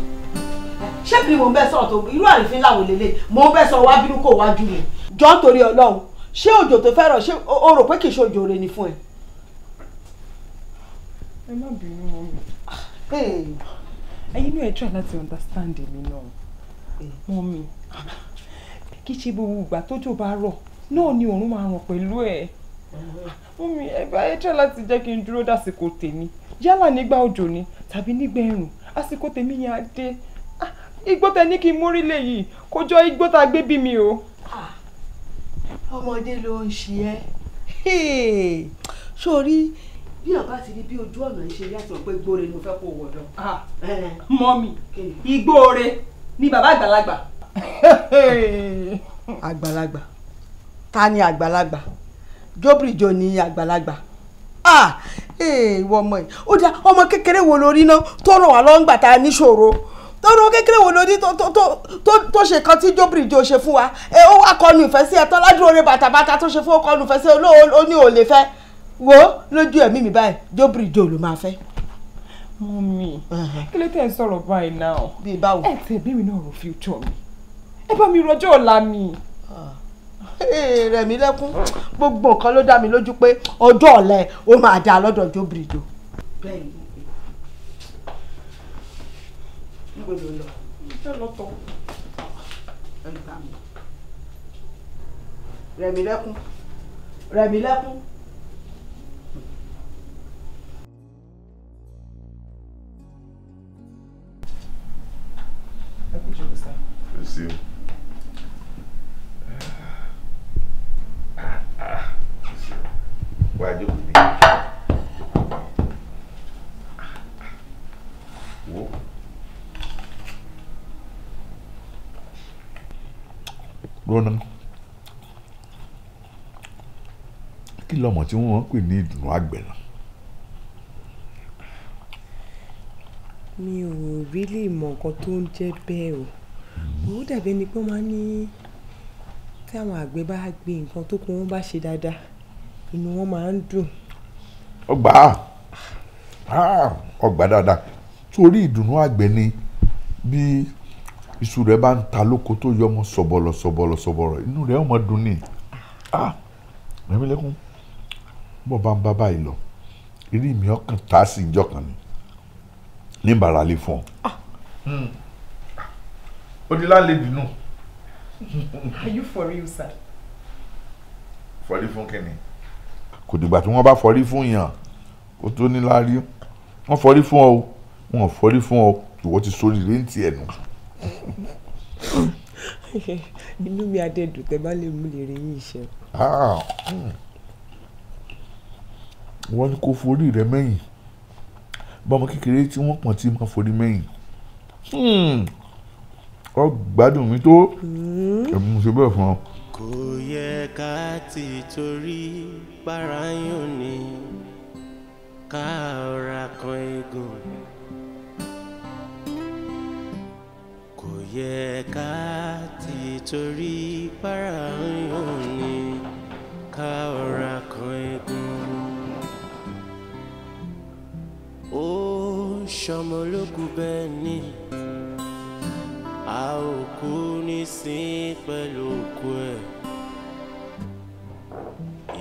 ṣé bí mo ń bẹ sọ̀rọ̀ tó irú àrífín làwọn lélẹ̀ mo bẹ sọ wá bínú kò wájú mi jọ́ torí ọlọ́run ṣé òjò tó fẹ́ ṣé o rò pé kì í ṣe òjò rẹ ni fún ẹ. ẹ má bínú mọ́ mi. Ah, ẹyin náà ẹ láti understand mi náà mọ́ mi kì í ṣe gbogbo ìgbà tójò bá rọ̀ náà ni òórùn máa ràn pẹ̀lú ẹ̀ mọ́mí ẹ bá ẹ tẹ́ láti jẹ́ kí n dúró dásìkò tèmi yálà nígbà òjò ni tàbí nígbà ẹ̀rùn àsìkò tèmi yẹn á dé ah, igbó tẹ ní kí n mórí lè kó jọ igbó tá a gbé bí mi o. Ah, ọmọdé ló ń ṣe ẹ́ sórí bí ọba ti rí bí ojú ọ̀nà ṣe yàtọ̀ pé gbóore ni mo fẹ́ kó wọ̀ lọ. Ah, eh. mọ́mí igbóore ni bàbá àgbàlagbà. àgbàlagbà ta ni àgbàlagbà. Jobri jóbìrìjọ ni àgbàlagbà ah eh, ìwọ ọmọ yìí ó dá ọmọ kékeré wo lórí náà tó ràn wá lọ́ngbà tá a níṣòro tọ́nu kékeré wo lórí tó ṣe kan tí jóbìrìjọ ṣe fún wa eh, ó wá kọnu ìfẹ́ sí ẹ tọ́ládúróore bàtàbàtà tó ṣe fún ó kọnu ìfẹ́ sí ó ní òòlè fẹ́ wo lójú ẹ̀mí mi báyìí jóbìrìjọ ló máa fẹ́ mummy kí ló tẹ̀ ń sọ̀rọ̀ báyìí náà ẹ tẹ̀ bí mi náà rò future mi ẹ bá mi rọjọ́ ọ̀la mi. Uh rẹ̀ mí lẹ́kún gbogbo nǹkan ló dá mi lójú pé ọjọ́ ọ̀lẹ́ ó máa dá lọ́dọ̀ jó bìrìjò. bẹ́ẹ̀ lẹ́kún rẹ̀ lẹ́kún. ẹ kú wàá jókòó bí wo. rọ́nà kí lọ́mọ tí wọ́n pè ní ìdùnnú àgbẹ̀ náà. mi ò rí lè mọ nǹkan tó ń jẹ́ bẹ́ẹ̀ o ó dàbí ẹni pé wọ́n máa ń ní tí àwọn àgbẹ̀ bá gbé nǹkan tó kún wọn bá ṣe dáadáa inú wọn máa ń dùn. ọgbà ah, ọgbà dáadáa torí ìdùnnú àgbẹ̀ ni bí iṣu rẹ̀ bá ń ta lóko tó yọ ọmọ sọ̀bọ̀lọ̀ sọ̀bọ̀lọ̀ sọ̀bọ̀lọ̀ inú rẹ̀ ọmọ dùn ni rẹ̀mílẹ́kún ah, bọ́ bá ń bá báyìí lọ eré mi ọkàn tá a sì jọ kan ni ní ìbàrà lè fún ọ. Ah. Hmm. ó di lálejò náà are you for real sir. fọrí fún kínní kò dìgbà tí wọ́n bá fọrí fún yàn kó tó ní láárí wọ́n fọrí fún ọ wọ́n fọrí fún ọ ìwọ ti sórí ilé ń tiẹ̀ nù. inú mi adẹ́dùn tẹ́ bá lè mú lè rí yín iṣẹ́. Ah, hmm. wọ́n ní kó forí rẹ mẹ́yìn bọ́mọ kékeré tí wọ́n pọ̀n tí máa forí mẹ́yìn hmm ọ gbádùn mi tó hmm. ẹ̀mú ṣe bẹ́ẹ̀ fún ọ. kò yẹ ká ti torí parayún ni ká ọ̀rá kan eégún. kò yẹ ká ti torí parayún ni ká ọ̀rá kan eégún. ó ṣọmọ bẹ́ẹ̀ ni òkú nísìn pẹ̀lú òkú ẹ̀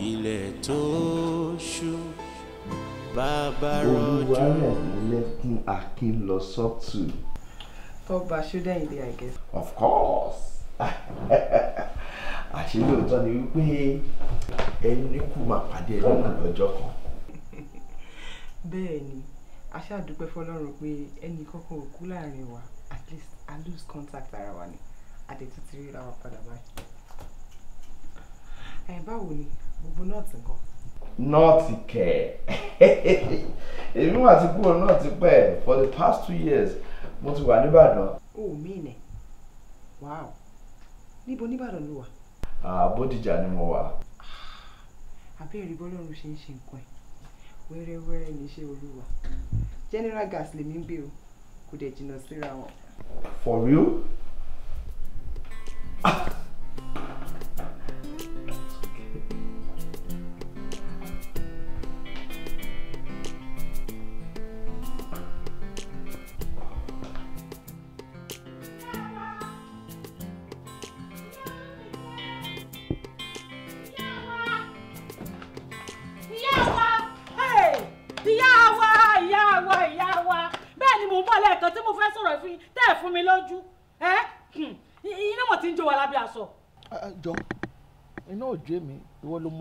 ilẹ̀ tó ṣú bàbá rọjò. olúwa rẹ̀ akin lọ sọ́tù. tọ́ba ṣúdẹ̀yìndé I guess. of course àṣírí òótọ́ ni wípé ẹni kù máa pàdé ẹni náà lọ́jọ́ kan. bẹ́ẹ̀ ni a ṣáà dúpẹ́ fọlọ́run pé ẹnì kankan ò kú láàrin wa at least a lose contact ara wa ni àdètú ti ríra wa padà báyìí. ẹ báwo ni gbogbo nọ́ọ̀tì nǹkan. nọ́ọ̀tì kẹ̀ èmi wà ti kúrò nọ́ọ̀tì pẹ̀ for the past two years mo ti wà nìbàdàn. o mi nẹ wow níbo nìbàdàn ló wà. Bódìjà ni mo wà. àbẹ́rẹ́ ah, bọ́lọ́run ṣe ń ṣe nǹkan ẹ̀ wẹ́rẹ́wẹ́rẹ́ níṣẹ́ olúwa general gas lèmi ń gbé o kò dẹ̀ jìnnà síra wọn. for you.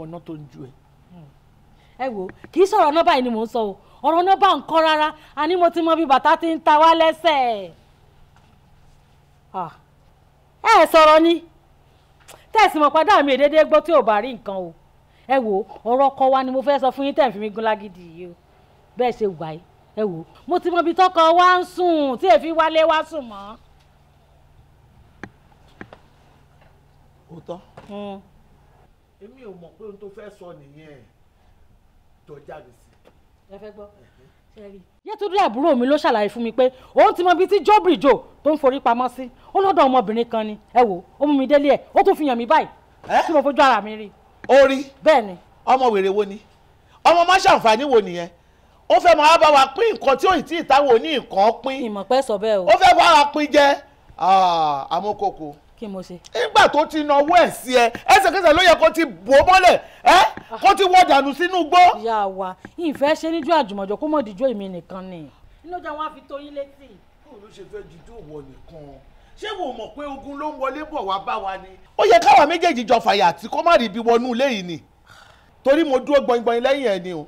iná tó ń ju ẹ. ẹ wo kì í sọ̀rọ̀ nọ́bà yìí ni mò ń sọ o ọ̀rọ̀ nọ́bà ń kọ́ rárá a ní mo ti mọ bí bàtà ti ń ta wá lẹ́sẹ̀. ẹ sọ̀rọ̀ ni tẹ̀sí mọ̀ padà mi èdèdè gbọ́ tí ò bá rí nǹkan o ẹ wo ọ̀rọ̀ ọkọ wa ni mo fẹ́ sọ fún yín tẹ̀ ń fi mi gún lágídí yìí o bẹ́ẹ̀ ṣe wà yìí ẹ wò mo ti mọ ibi tọkọ wa ń sùn tí èéfín wálé wá sùn mọ́. òótọ́. Hmm èmi ò mọ̀ pé ohun tó fẹ́ sọ nìyẹn tó jáde sí. ẹ fẹ́ gbọ́ yẹtúndú àbúrò mi ló ṣàlàyé fún mi pé òun ti mọ ibi tí jobri jo tó ń forí pamọ́ sí ó lọ́dọ̀ ọmọbìnrin kan ni ẹ wò ó mú mi délé ẹ ó tún fi hàn mí báyìí tí mo fojú ara mi rí. ó rí bẹ́ẹ̀ ni. ọmọ wèrè wo ni ọmọ má ṣàǹfààní wo nìyẹn ó fẹ́ máa bá wa pín nǹkan tí òyìn tí ìtawọ̀ ní nǹkan pín. ìmọ̀ pẹ́ sọ bẹ́ẹ̀ o. ó fẹ́ bá wa pín jẹ́ ah, amókòkò. Ah, kí mo ṣe. nígbà tó ti nawọ́ ẹ̀ sí ẹ ẹsẹ̀kẹsẹ̀ ló yẹ kó ti bò ó mọ́lẹ̀ ẹ kó ti wọ dànù sínú igbó. ìyá wa ìfẹ́ ṣe níjọ́ àjùmọ̀jọ́ kó mọ̀ dìjọ́ èmi nìkan ni. inú ọjà wọn á fi tó yín létí. kó ló ṣe fẹ́ jíjó wọ nìkan ṣé wò mọ̀ pé ogun ló ń wọlé bọ̀ wá bá wa ni. ó yẹ káwa méjèèjì jọ fàyà àti kó má rí ibi wọnú ilé yìí ni torí mo dúró gbọngbọnyin lẹ́yìn ẹ̀ ni o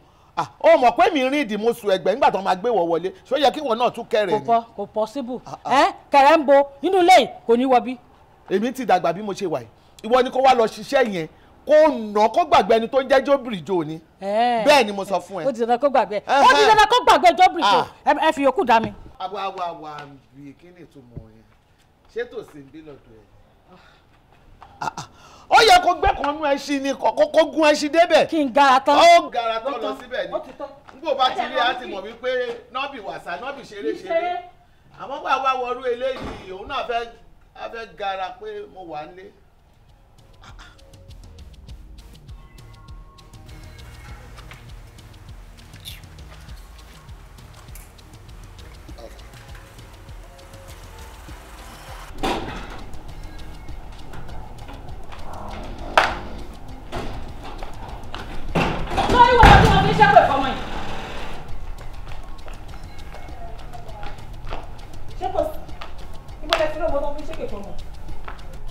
ó mọ̀ pé mi rìn ìdí mo sùn ẹgbẹ́ nígbà tó máa gbé wọ wọlé ṣó yẹ kí wọn náà tún kẹrẹ ni. kò pọ kò pọ síbù ẹ kẹrẹ ń bo nínú ilé kò ní wọ èmi ti dàgbà bí mo ṣe wà yìí ìwọ ni kó wá lọ ṣiṣẹ́ yẹn kó nà kó gbàgbé ẹni tó ń jẹ́ jóbìrìjò ni bẹ́ẹ̀ ni mo sọ fún ẹ. ó ti dandan kó gbàgbé ó ti dandan kó gbàgbé jóbìrìjò ah. ẹ fi yòókù dá mi. àwa àwa àwa àbí kí ni ìtumọ̀ yẹn ṣé tòsí ń bí lọ́dọ̀ ẹ̀. Ah, ah. ó yẹ kó gbé kan nú ẹṣin ni kó gún ẹṣin débẹ̀. kí n gara tán. ó gara tán lọ síbẹ̀ ni nígbà bá ti rí a ti mọ̀ wípé nọ́ọ̀bì wàsá nọ́ọ̀bì ṣeré ṣeré àmọ́ a fẹ́ gara pé mo wà nílé. sórí wọn ló ti wọn fi ṣẹ́kọ̀ọ́ ìfọmọ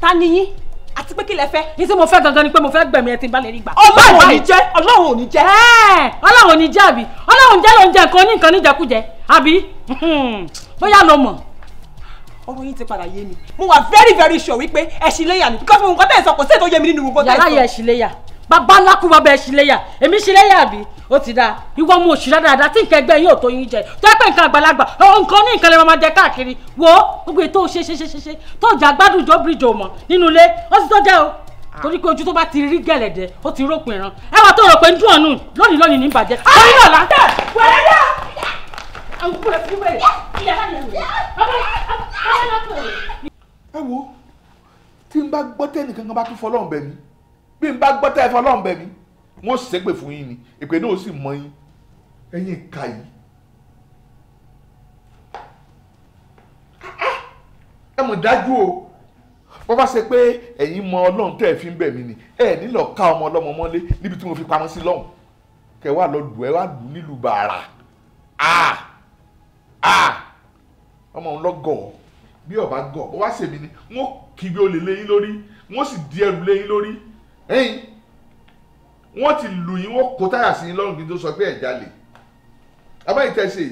ta ni yín àti pé kí lẹ fẹ́ yín tí mo fẹ́ gangan ni pé mo fẹ́ gbẹ̀mí ẹ tí n bá lè rí gbà. ọlọ́run ò ní jẹ́ ọlọ́run ò ní jẹ́. ọlọ́run ò ní jẹ́ àbí ọlọ́run jẹ́ ló ń jẹ nǹkan ní nǹkan níjẹkújẹ àbí hmm, bóyá lo mọ̀. ọ̀rọ̀ yín ti padà yé mi mo wà very very sure wípé ẹ̀sìn léyà ni because mo nǹkan tẹ̀ sọ kò sí ètò yé mi nínú nǹkan tẹ̀ sọ. yàrá yẹ ẹ̀sìn léyà bàbá ńlá kú bàbá ẹ ṣìlẹyà èmi ṣìlẹyà àbí ó ti dáa ìwọ mo òṣìṣẹ́ dáadáa tí nǹkan ẹgbẹ́ yóò tó yín jẹ tó ẹ pé nǹkan àgbàlagbà nǹkan ní nǹkan lè máa jẹ káàkiri wo gbogbo ètò ṣe ṣe ṣe ṣe ṣe tó jà gbádùn jọ bíríjì mọ nínú ilé ó sì tó jẹ o torí pé ojú tó bá ti rí gẹ̀lẹ̀dẹ̀ ó ti rópin ìran ẹ wà tó rò pé ń dún ọ̀nù lónìí lónìí ní ìbàjẹ́ torí náà là ẹ wo tí n bá gbọ́ tẹ́nìkan kan bá tún fọlọ́ọ̀ bẹ̀ mí bí n bá gbọ́ tẹ́ ẹ fọlọ́run bẹ̀ mí wọ́n ṣépè fún yín ni èpè náà ó sì mọ yín ẹ̀yin ìka yìí. ẹ mọ̀ dájú o wọ́n bá ṣe pé ẹ̀yin mọ ọlọ́run tẹ́ ẹ fi ń bẹ̀ mí ni ẹ nílò ká ọmọ ọlọ́mọ mọ́lé níbi tí mo fi pamọ́ sí lọ́hùn kẹ wá lọ lù ẹ wá lù nílùú bàrà a a ọmọ òun lọ gọ̀ bí ọba gọ̀ ó wá ṣèmi ni wọ́n kígbe olè lẹ́yìn lórí wọ́n sì di ẹrù lẹ́yìn lórí ẹ̀yin wọ́n ti lù yín wọ́n kó táyà sí yín lọ́rùn kí n tó sọ pé ẹ̀ jalè abáyìí tẹ́ ṣe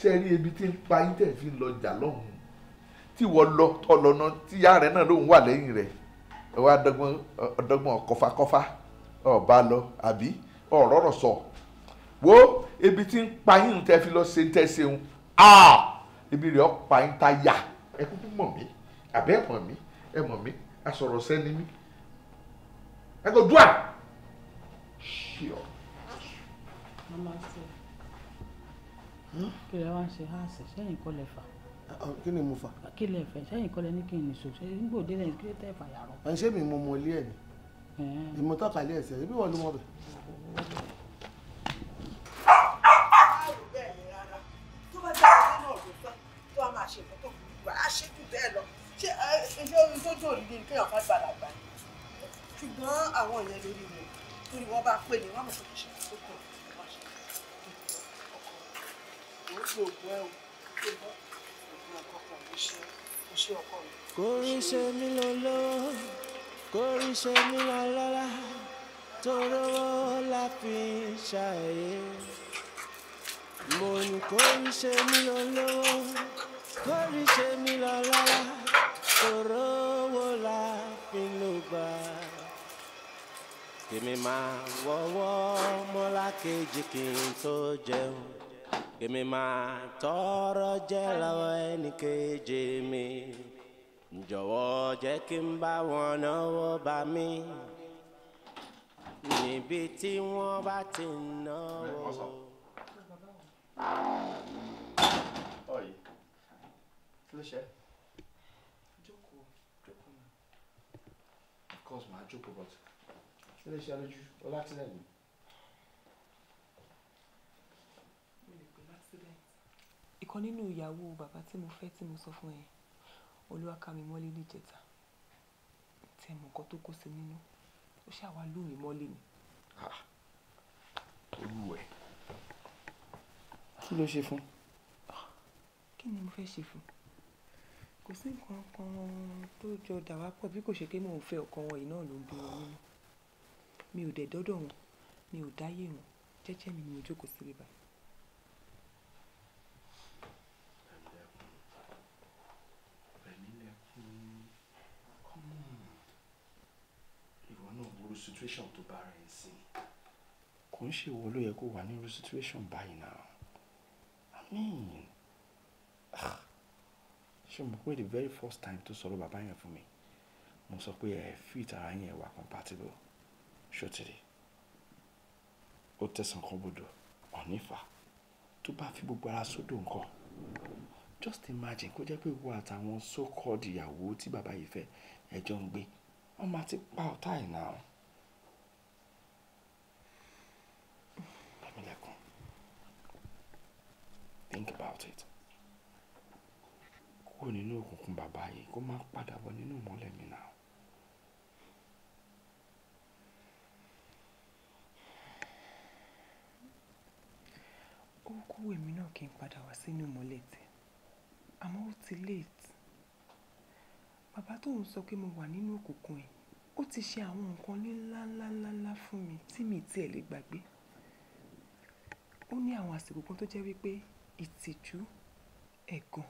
ṣe rí ebi tí ń pa yín tẹ̀ fi lọ jà lọ́hùn tí wọ́n lọ tọ́ lọ́nà tíyá rẹ̀ náà lòun wà lẹ́yìn rẹ̀ ẹ wá dọ́gbọ́n ọ̀dọ́gbọ́n kọfakọfa ọba lọ àbí ọ̀rọ̀rọ̀ sọ wo ebi tí ń pa yín tẹ́ fi lọ ṣe tẹ́ ṣeun aa ebi rẹ̀ ọ́ pa yín tá yà ẹ kúkú mọ̀ mí àbẹ́ mọ̀ mí ẹ mọ̀ mí asọ̀rọ̀ sẹ́ni mí I go do am. Sure. Mama Huh? Hmm? Kí lẹ wá ń ṣe háàsì sẹ́yìn kọ́ lẹ fà. Kí ni mo fà? Kí lẹ fẹ́ sẹ́yìn kọ́ lẹ ní kí n nìṣó sẹ́yìn gbòó dé lẹ́yìn kí lẹ tẹ́ fà yàrá. Ẹ ṣé mi mo mọ ilé ẹ̀ ni. Èmi tọ́ka ilé ẹ̀sẹ̀ ibi wọ́n ló mọ̀ bẹ̀. Ṣé ẹ ṣe ohun tó dùn ní kéèyàn fẹ́ gbàlagbà? ṣùgbọ́n àwọn yẹn lórí wọn lórí wọn bá pè ní wọn mọ̀ tó ṣe tó kọ̀ wọ́n ṣe ọkọ̀ ó gbòògbò ẹ̀ ó gbòògbò ọkọ̀ ọkọ̀ ló ṣe ló ṣe ọkọ̀ mi. kórí ṣe mí lọ́lọ́ kórí ṣe mí lọ́lọ́lá tóró la fi ṣàyè mo ní kórí ṣe mí lọ́lọ́wọ́ kórí ṣe mí lọ́lọ́lá tóró la fi ló Kèmi máa wọ́wọ́ mọ́lákejì kí n tó jẹun. Kèmi máa tọrọ jẹ lọ́wọ́ ẹnìkejì mi. Jọ̀wọ́ jẹ́ kí n bá wọn náwó bá mi. Níbi tí wọ́n bá ti náwó. Of course, màá jókòó bọ̀tù ṣé lè ṣe lójú o láksidẹ̀ntì ni. mo lè pè láksidẹ̀ntì. ìkan nínú ìyàwó bàbá tí mo fẹ́ tí mo sọ fún ẹ olúwakamímọ́lé níjẹta tẹ mọ̀ nǹkan tó kó sí nínú ó ṣàwá lù mí mọ́lé ni. olúwẹ̀ kí ló ṣe fún. kí ni mo fẹ́ ṣe fún kò sí nǹkan kan tó jọ dàwápọ̀ bí kò ṣe pé mò ń fẹ́ ọkàn wọn náà ló ń bí wọn nínú mi ò dẹ̀ dọ́dọ̀ wọn mi ò dáyé wọn jẹ́jẹ́ mi ni mo jókòó síbí báyìí. situation tó bá rẹ̀ sí kò ń ṣe wo ló yẹ kó wà nírú situation báyìí náà i mean ah, ṣé mo pé the very first time tó sọ̀rọ̀ bàbá yẹn fún mi mo sọ pé ẹ fit ara yẹn wà compatible ṣòtìrì ó tẹ̀sán kan bodò ọ̀nífà tó bá fi gbogbo ara sódò nǹkan just imagine kó jẹ́ pé wo àtàwọn so called ìyàwó tí bàbá yìí fẹ́ ẹjọ́ ń gbé wọ́n máa ti pa ọ̀tá ẹ̀ náà. Pẹ̀mílẹ́kùn think about it kúrò nínú òkùnkùn bàbá yìí kó má padà bọ̀ nínú ìmọ́lẹ̀ mi náà. ó kú èmi náà kí n padà wá sínú ìmọ́lẹ̀ tẹ̀ àmọ́ ó ti late bàbá tó ń sọ pé mo wà nínú òkùnkùn yìí ó ti ṣe àwọn nǹkan ní ńláńláńláńlá fún mi tí mi tiẹ̀ lè gbàgbé ó ní àwọn àsìkò kan tó jẹ́ wípé ìtìjú ẹ̀gàn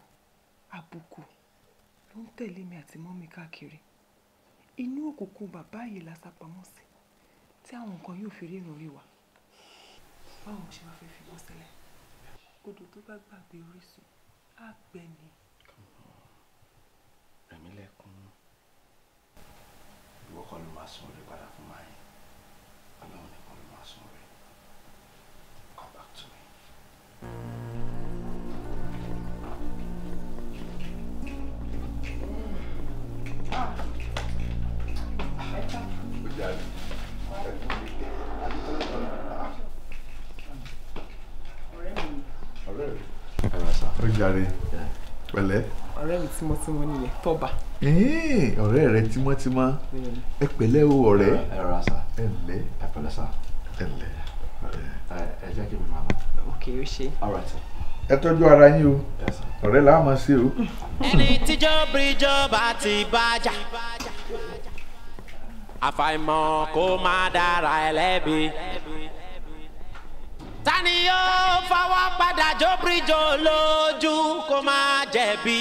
àbùkù ló ń tẹ̀lé mi àti mọ́mi káàkiri inú òkùnkùn bàbá yìí la sá pamọ́ sí tí àwọn nǹkan yóò fi ríran rí wa báwo mo ṣe máa fẹ́ fi wọ́n sílẹ̀ odò tó bá gbàgbé orísun á gbẹ ni jàre pẹ̀lẹ́. ọ̀rẹ́ mi tímọ́tímọ́ nìyẹn tọ́ba. ọ̀rẹ́ rẹ tímọ́tímọ́ ẹ pẹ̀lẹ́ o ọ̀rẹ́. ẹ rọra sá ẹ lẹ ẹ pẹ̀lẹ́ sá ẹ lẹ ẹ jẹ́ kí mi máa lọ. ok o ṣe. ẹ tọ́jú ara yín o ọ̀rẹ́ là máa ṣe o. ẹni tíjọ́ bíríjọba ti bájà àfàìmọ̀ kó má dára ẹlẹ́bi. tani yóò padà jóbríjó lójú kó má jẹ̀bi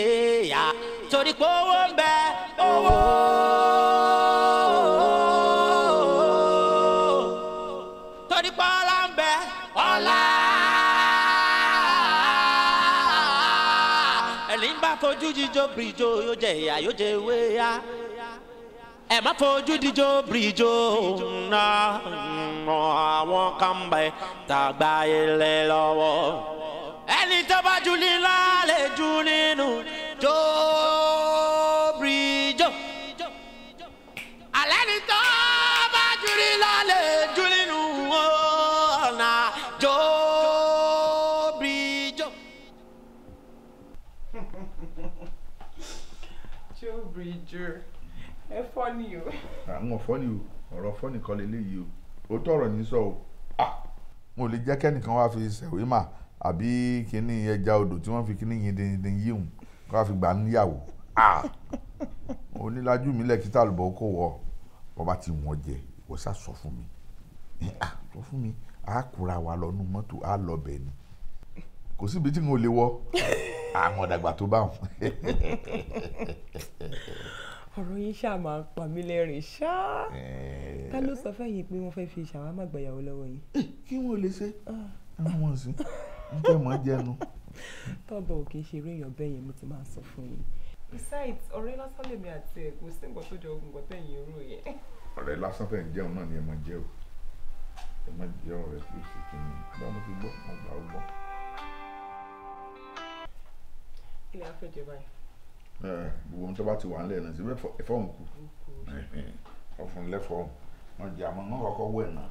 èèyà torí pé owó ń bẹ owó. torí pé ọlá ń bẹ ọlá. ẹni bá fojú jíjó bíjó yóò jẹ ìyà yóò jẹ ewé yá ẹ má fojú díjó bíjó náà mọ àwọn kan bẹ tàgbà ilẹ̀ lọ́wọ́. ẹni tó bá jù ní lálejò nínú jó bíjó. alẹ́ ni tó bá jù ní lálejò nínú ọ̀nà jó bíjó. jó bíjó ẹ fọ́ ni o. àwọn fọ́ ni o ọ̀rọ̀ fọ́ nìkan lélẹ́yìí o òótọ́ ọ̀rọ̀ ní sọ o ah! mo lè jẹ́ kẹ́nìkan wá fi ṣèwémà àbí kíní ẹja odò tí wọ́n fi kíní yìndínyìn yìí hùn kí wọ́n fi gbà níyàwó ah! onílájú mi lẹ́kí tá àlùbọ̀ kò wọ bọ́ba ti wọ́n jẹ wọ́n sá sọ fún mi ah! sọ fún mi a kura wa lọ nu mọ́tò a lọ bẹ̀ ni kò síbi tí n ò lè wọ àwọn ọ̀dàgbà tó bá wọn. ọ̀rọ̀ yín ṣáà máa pa mí lẹ́rìn ṣá. ká eh. ló sọ fẹ́yìn pé wọ́n fẹ́ẹ́ fi ṣàwámà gbàyàwó lọ́wọ́ yín. Eh, kí wọ́n lè ṣe ẹran wọn sí n fẹ́ mọ́ jẹnu. tọ́bọ̀ ò kì í ṣe eré èèyàn bẹ́ẹ̀ yẹn mo ti máa sọ fún yín. besides ọ̀rẹ́ lásán lèmi àti ẹ̀ kò sí nǹkan tó jọ ogun ọ̀tẹ̀ yìí rú yẹn. ọ̀rẹ́ lásán fẹ́ jẹun náà ni ẹ máa jẹ o ẹ máa jẹ ọ̀rẹ́ tí ó sì kí ni bá mo ti gbọ́ mo gbà ó gbọ́. ilé afẹ́jẹ báyìí gbogbo tó bá ti wà nílẹ̀ náà síbẹ̀ ẹ̀fọ́ ń kú ọ̀fun lẹ́fọ́ wọn jà mọ́ wọn kọ́kọ́ wẹ̀ náà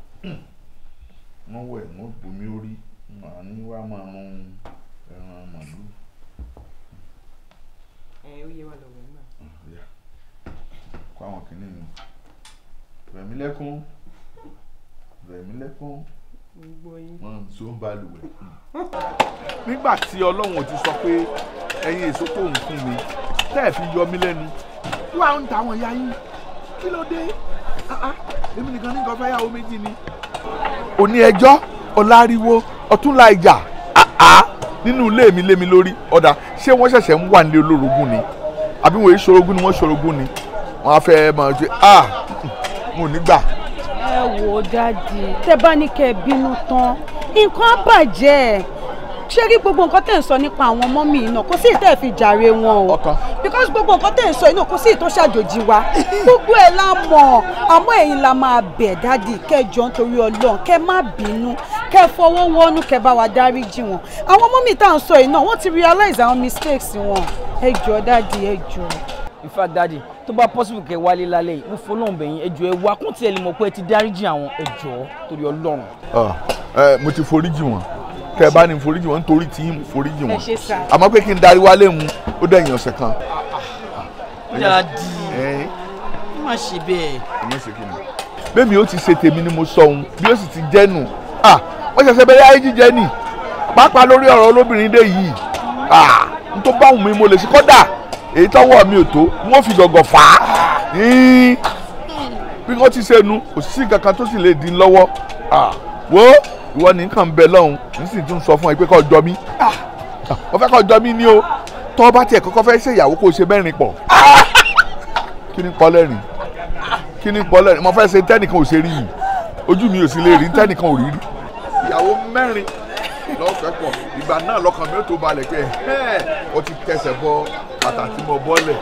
wọn wẹ̀ wọn bomi orí wọn ní wàá máa rún ẹran màálù. ẹ ó yẹ wà lọ́wọ́ nígbà. kó àwọn kìnnìún mi rẹ̀mílẹ́kún rẹ̀mílẹ́kún tí ó ń bá lù wẹ̀. nígbà tí ọlọ́run ò ti sọ pé ẹ̀yin èso tó ń kún mi tẹ́ ẹ̀ fi yọ mí lẹ́nu wá ń ta àwọn ìyá yín kí ló dé ah, ah. èmi nìkan ní nǹkan fẹ́yàwó méjì ni. òní ẹjọ́ ọ̀làríwó ọ̀túnla ìjà ah, nínú ilé mi lé mi lórí ọ̀dà ṣé wọ́n ṣẹ̀ṣẹ̀ ń wà nílé olórogún ni àbí wọ́n ṣorogún ni wọ́n ṣorogún ni wọ́n á fẹ́ máa ṣe ah n ò ní gbà. ẹ wo dádì tẹ bá ní kẹ bínú tán nǹkan bàjẹ́ ṣé rí gbogbo nǹkan tẹ̀ ń sọ nípa àwọn ọmọ mi iná kò sí ìtẹ́ fi jàre wọn o because gbogbo nǹkan tẹ̀ ń sọ iná kò sí ìtọ́ ṣàjòjì wa gbogbo ẹ̀ la mọ̀ àmọ́ ẹ̀yin la máa bẹ̀ dáàdì kẹjọ nítorí ọlọ́run kẹ má bínú kẹ fọwọ́ wọnú kẹ bá wa dáríjì wọn àwọn ọmọ mi tá à ń sọ iná wọ́n ti realize àwọn mistakes wọn ẹ jọ̀ọ́ dáàdì ẹ jọ̀ọ́. in fact dáàdì tó bá possible kẹ wálé lálẹ́ yìí mo fọlọ́n bẹ̀yìn ah, eh, kẹ bá ní foríjì wọn nítorí tí mo foríjì wọn àmọ́ pé kí n darí wálé mu ó dẹ̀yìn ọ̀sẹ̀ kan. dadi má ṣe bẹ́ẹ̀. ẹ̀mí ṣe kìnnìún. bẹ́ẹ̀ mi ó ti ṣe tèmi ni mo sọ òun bí ó sì ti jẹ́ ah wọ́n ṣẹ̀ṣẹ̀ bẹ́ẹ̀ yáyé jíjẹ nì pápá lórí ọ̀rọ̀ olóbìnrin dé yìí ah n tó bá wù mí mo lè ṣe kọ́dà èyí tọ́wọ́ mi ò tó n ó fi gọ̀gọ̀ fà á bí wọ́n ti ṣe nu kò sí kankan tó sì lè dín lọ́wọ́ ah wo ìwọ nìkan bẹ lọ́hùn n sì tún sọ fún ẹ pé kó jọ mí mo ah. fẹ́ kó jọ mí ní o tọ́ bá tiẹ̀ kọ́kọ́ fẹ́ ṣe ìyàwó kó ṣe mẹ́rin pọ̀ ah. kí ni kọ́ lẹ́rìn kí ni kọ́ lẹ́rìn mo fẹ́ ṣe tẹ́nìkan ò ṣe rí yìí ojú mi ò sì lè rí tẹ́nìkan ò rí rí ìyàwó mẹ́rin lọ́fẹ̀ẹ́ pọ̀ ìgbà náà lọ́kàn mi ò tó balẹ̀ pé ẹ̀ ó ti tẹsẹ̀ bọ bàtà tí mo bọ́lẹ̀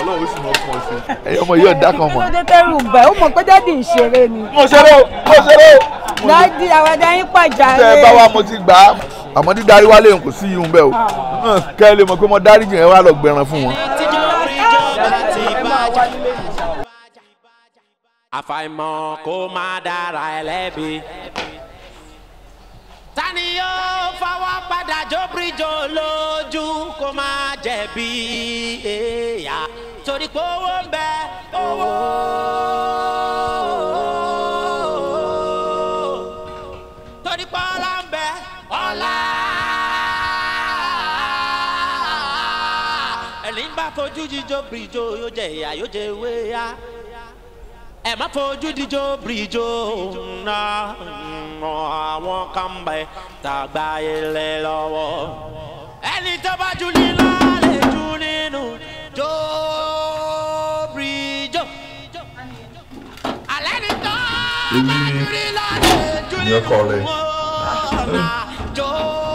ọlọ́run sì mọ kàn sí. ẹ̀yọ́ ọmọ yóò dá kan mọ̀. ọmọdé tẹ́rù bẹ́ẹ̀ ó mọ̀ pé jáde ìṣeré ni. mo ṣeré o mo ṣeré o dáàdi àwàdà yín pàjá rẹ. tẹ ẹ bá wa mo ti gbà á àmọ́ dídarí wálé n sí yìí ń o ah. kẹ́ ẹ lè mọ̀ pé mo dáríjì yẹn wá lọ gbẹran fún wọn. àfàìmọ̀ kó má dára ẹlẹ́bi tani yóò fọwọ́ padà jóbríjó lójú kó má jẹ̀bi èèyà torí pé owó ń bẹ owó. fojú jíjó bìrìjó yóò jẹ ìyá yóò jẹ ewé yá ẹ má fojú díjó bìrìjó ná àwọn kan bẹ tàgbà ilẹ̀ lọ́wọ́ ẹni tó bá jù ní lálẹ́ jù nínú jó bìrìjó alẹ́ ni tó bá jù ní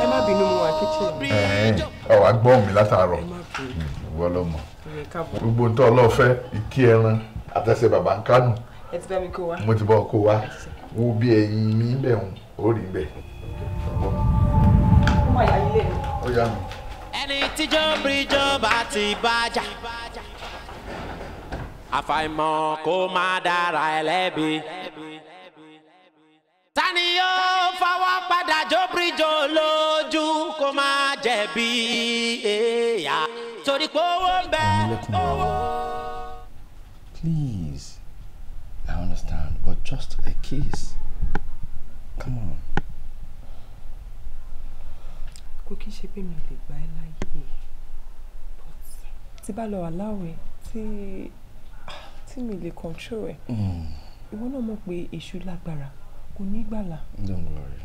ẹ má bínú mu wá kíchìn. ẹ ẹ wá gbọ́ mi látàárọ̀ ìwọ lọmọ gbogbo ntọ́ ọlọ́fẹ́ ìkí ẹran àtẹ̀sẹ̀ bàbá ń kánú mo ti bọ́ kó wa wo bí ẹyin mi bẹ̀ ń orí bẹ̀. ẹni tíjọ́ bíríjọ́ bá ti bájà àfàìmọ̀ kó má dára ẹlẹ́bi. tani yóò fọwọ́ padà jóbríjó lójú kó má jẹ̀bi èèyàn torí pé owó ń bẹ owó. please i understand but just a kiss come on. kò kí ṣe pé mi ò lè gbà ẹ́ láyè tí bá lọ aláwẹ̀ tí tí mi lè control ẹ̀ hmm. ìwọ náà mọ̀ pé èṣù lágbára kò ní gbàlà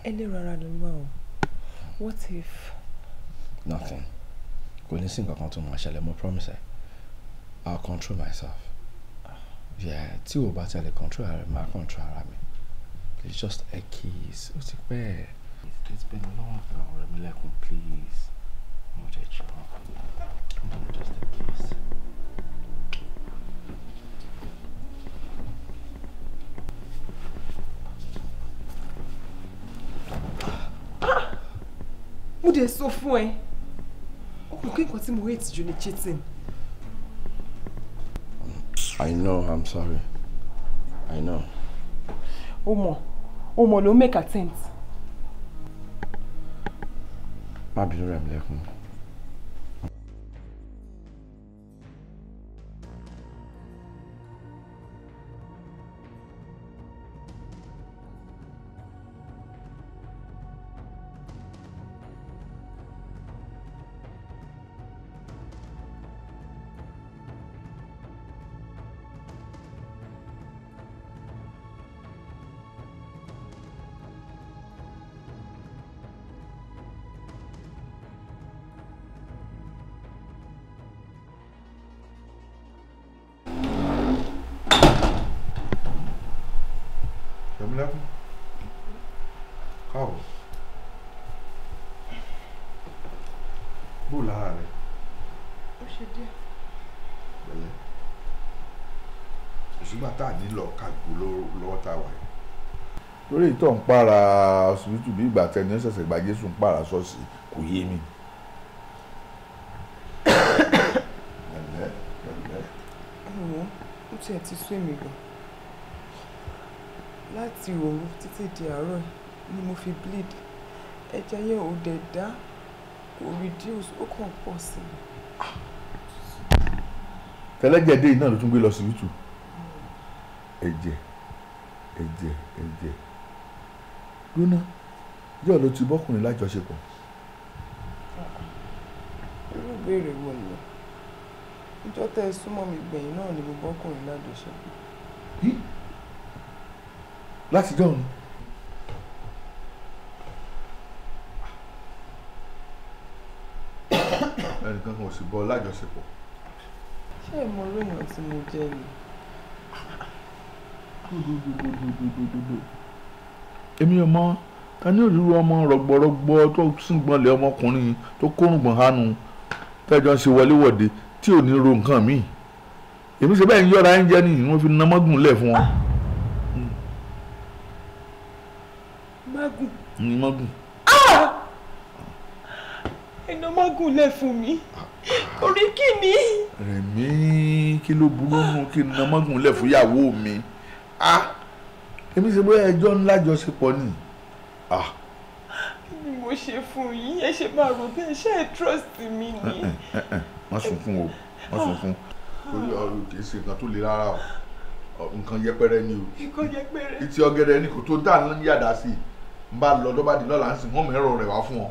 ẹlẹ́rọ ara ló ń wá o what if. nothing kò ní sí nǹkan kan tó máa ṣẹlẹ̀ mo promise ẹ I'll control myself yeah tí o bá tẹ̀lé control ara mi máa control ara mi it's just a case. ó ti pẹ́ it's been long now Rẹ̀mílẹ́kùn please mo jẹ́ jù ọ́ come just a case. Ah! mo dẹ̀ sọ fún ẹ mo kí nǹkan tí mo cheating. I know I'm sorry I know. o mọ o mọ ló make a sense. bínú rẹ̀ mi tá à ní lọ kàgbó lọ́wọ́ tá wà lórí ìtọ̀ ń para ọsibítù bí ìgbà tẹni ṣẹ̀ṣẹ̀ gba Jésù ń para ṣọ́ọ̀ṣì kò yé mi. ó tiẹ̀ ti sún èmi gan láti òru títí di àárọ̀ ni mo fi bleed ẹ̀jẹ̀ yẹn ò dẹ̀ dá kò reduce ó kàn pọ̀ sí i. tẹ́lẹ̀jẹ̀ iná ló tún gbé lọ síbítù. Si ẹ̀jẹ̀ ẹ̀jẹ̀ ẹ̀jẹ̀ gbóná yóò ló ti bọ́kùnrin lájọṣepọ̀. irú ìbéèrè wo ni ìjọ tẹ ẹ súnmọ́ mi gbẹ̀yìn náà ni mo bọ́kùnrin lájọṣepọ̀. láti dọ́run. ẹnìkan kan ò sì bọ́ ọ lájọṣepọ̀. ṣé ìmọ̀ lóyún àti mo jẹ́ ni dòdòdòdòdòdòdò èmi ọmọ ta ní òrírú ọmọ rọgbọrọgbọ tó sìngbọn lé ọmọkùnrin tó kórùngbọn hánu tẹjọ ń ṣe wọléwọ̀de tí ò ní ro nǹkan míì èmi ṣe bẹ́ẹ̀ ń yọra ẹ̀ ń jẹ́ nìyí wọ́n fi na mọ́gùn lẹ̀ fún wọn. magun. ni magun. iná ah! magun lẹ fún mi orí kìíní. rẹ̀mí kí ló burú nù kí iná magun lẹ̀ fún ìyàwó mi. Ah. Ah. èmi ṣe bóyá ẹjọ́ ńlá jọṣepọ̀ ni. Ah. kí ni mo ṣe fún yín ẹ ṣe máa rò bẹ́ẹ̀ ṣe é trust mi ni. wọ́n eh, eh, eh, sunkún o wọ́n sunkún torí ọ̀rọ̀ kì í ṣe nǹkan tó le rárá o nǹkan yẹpẹrẹ ni o nǹkan yẹpẹrẹ ìtì ọ̀gẹ̀dẹ̀ ni kò tó dáná yàdá sí i n bá lọ dọ́bàdì lọ́la ń sìn wọ́n mẹ́rọ rẹ̀ wá fún ọ.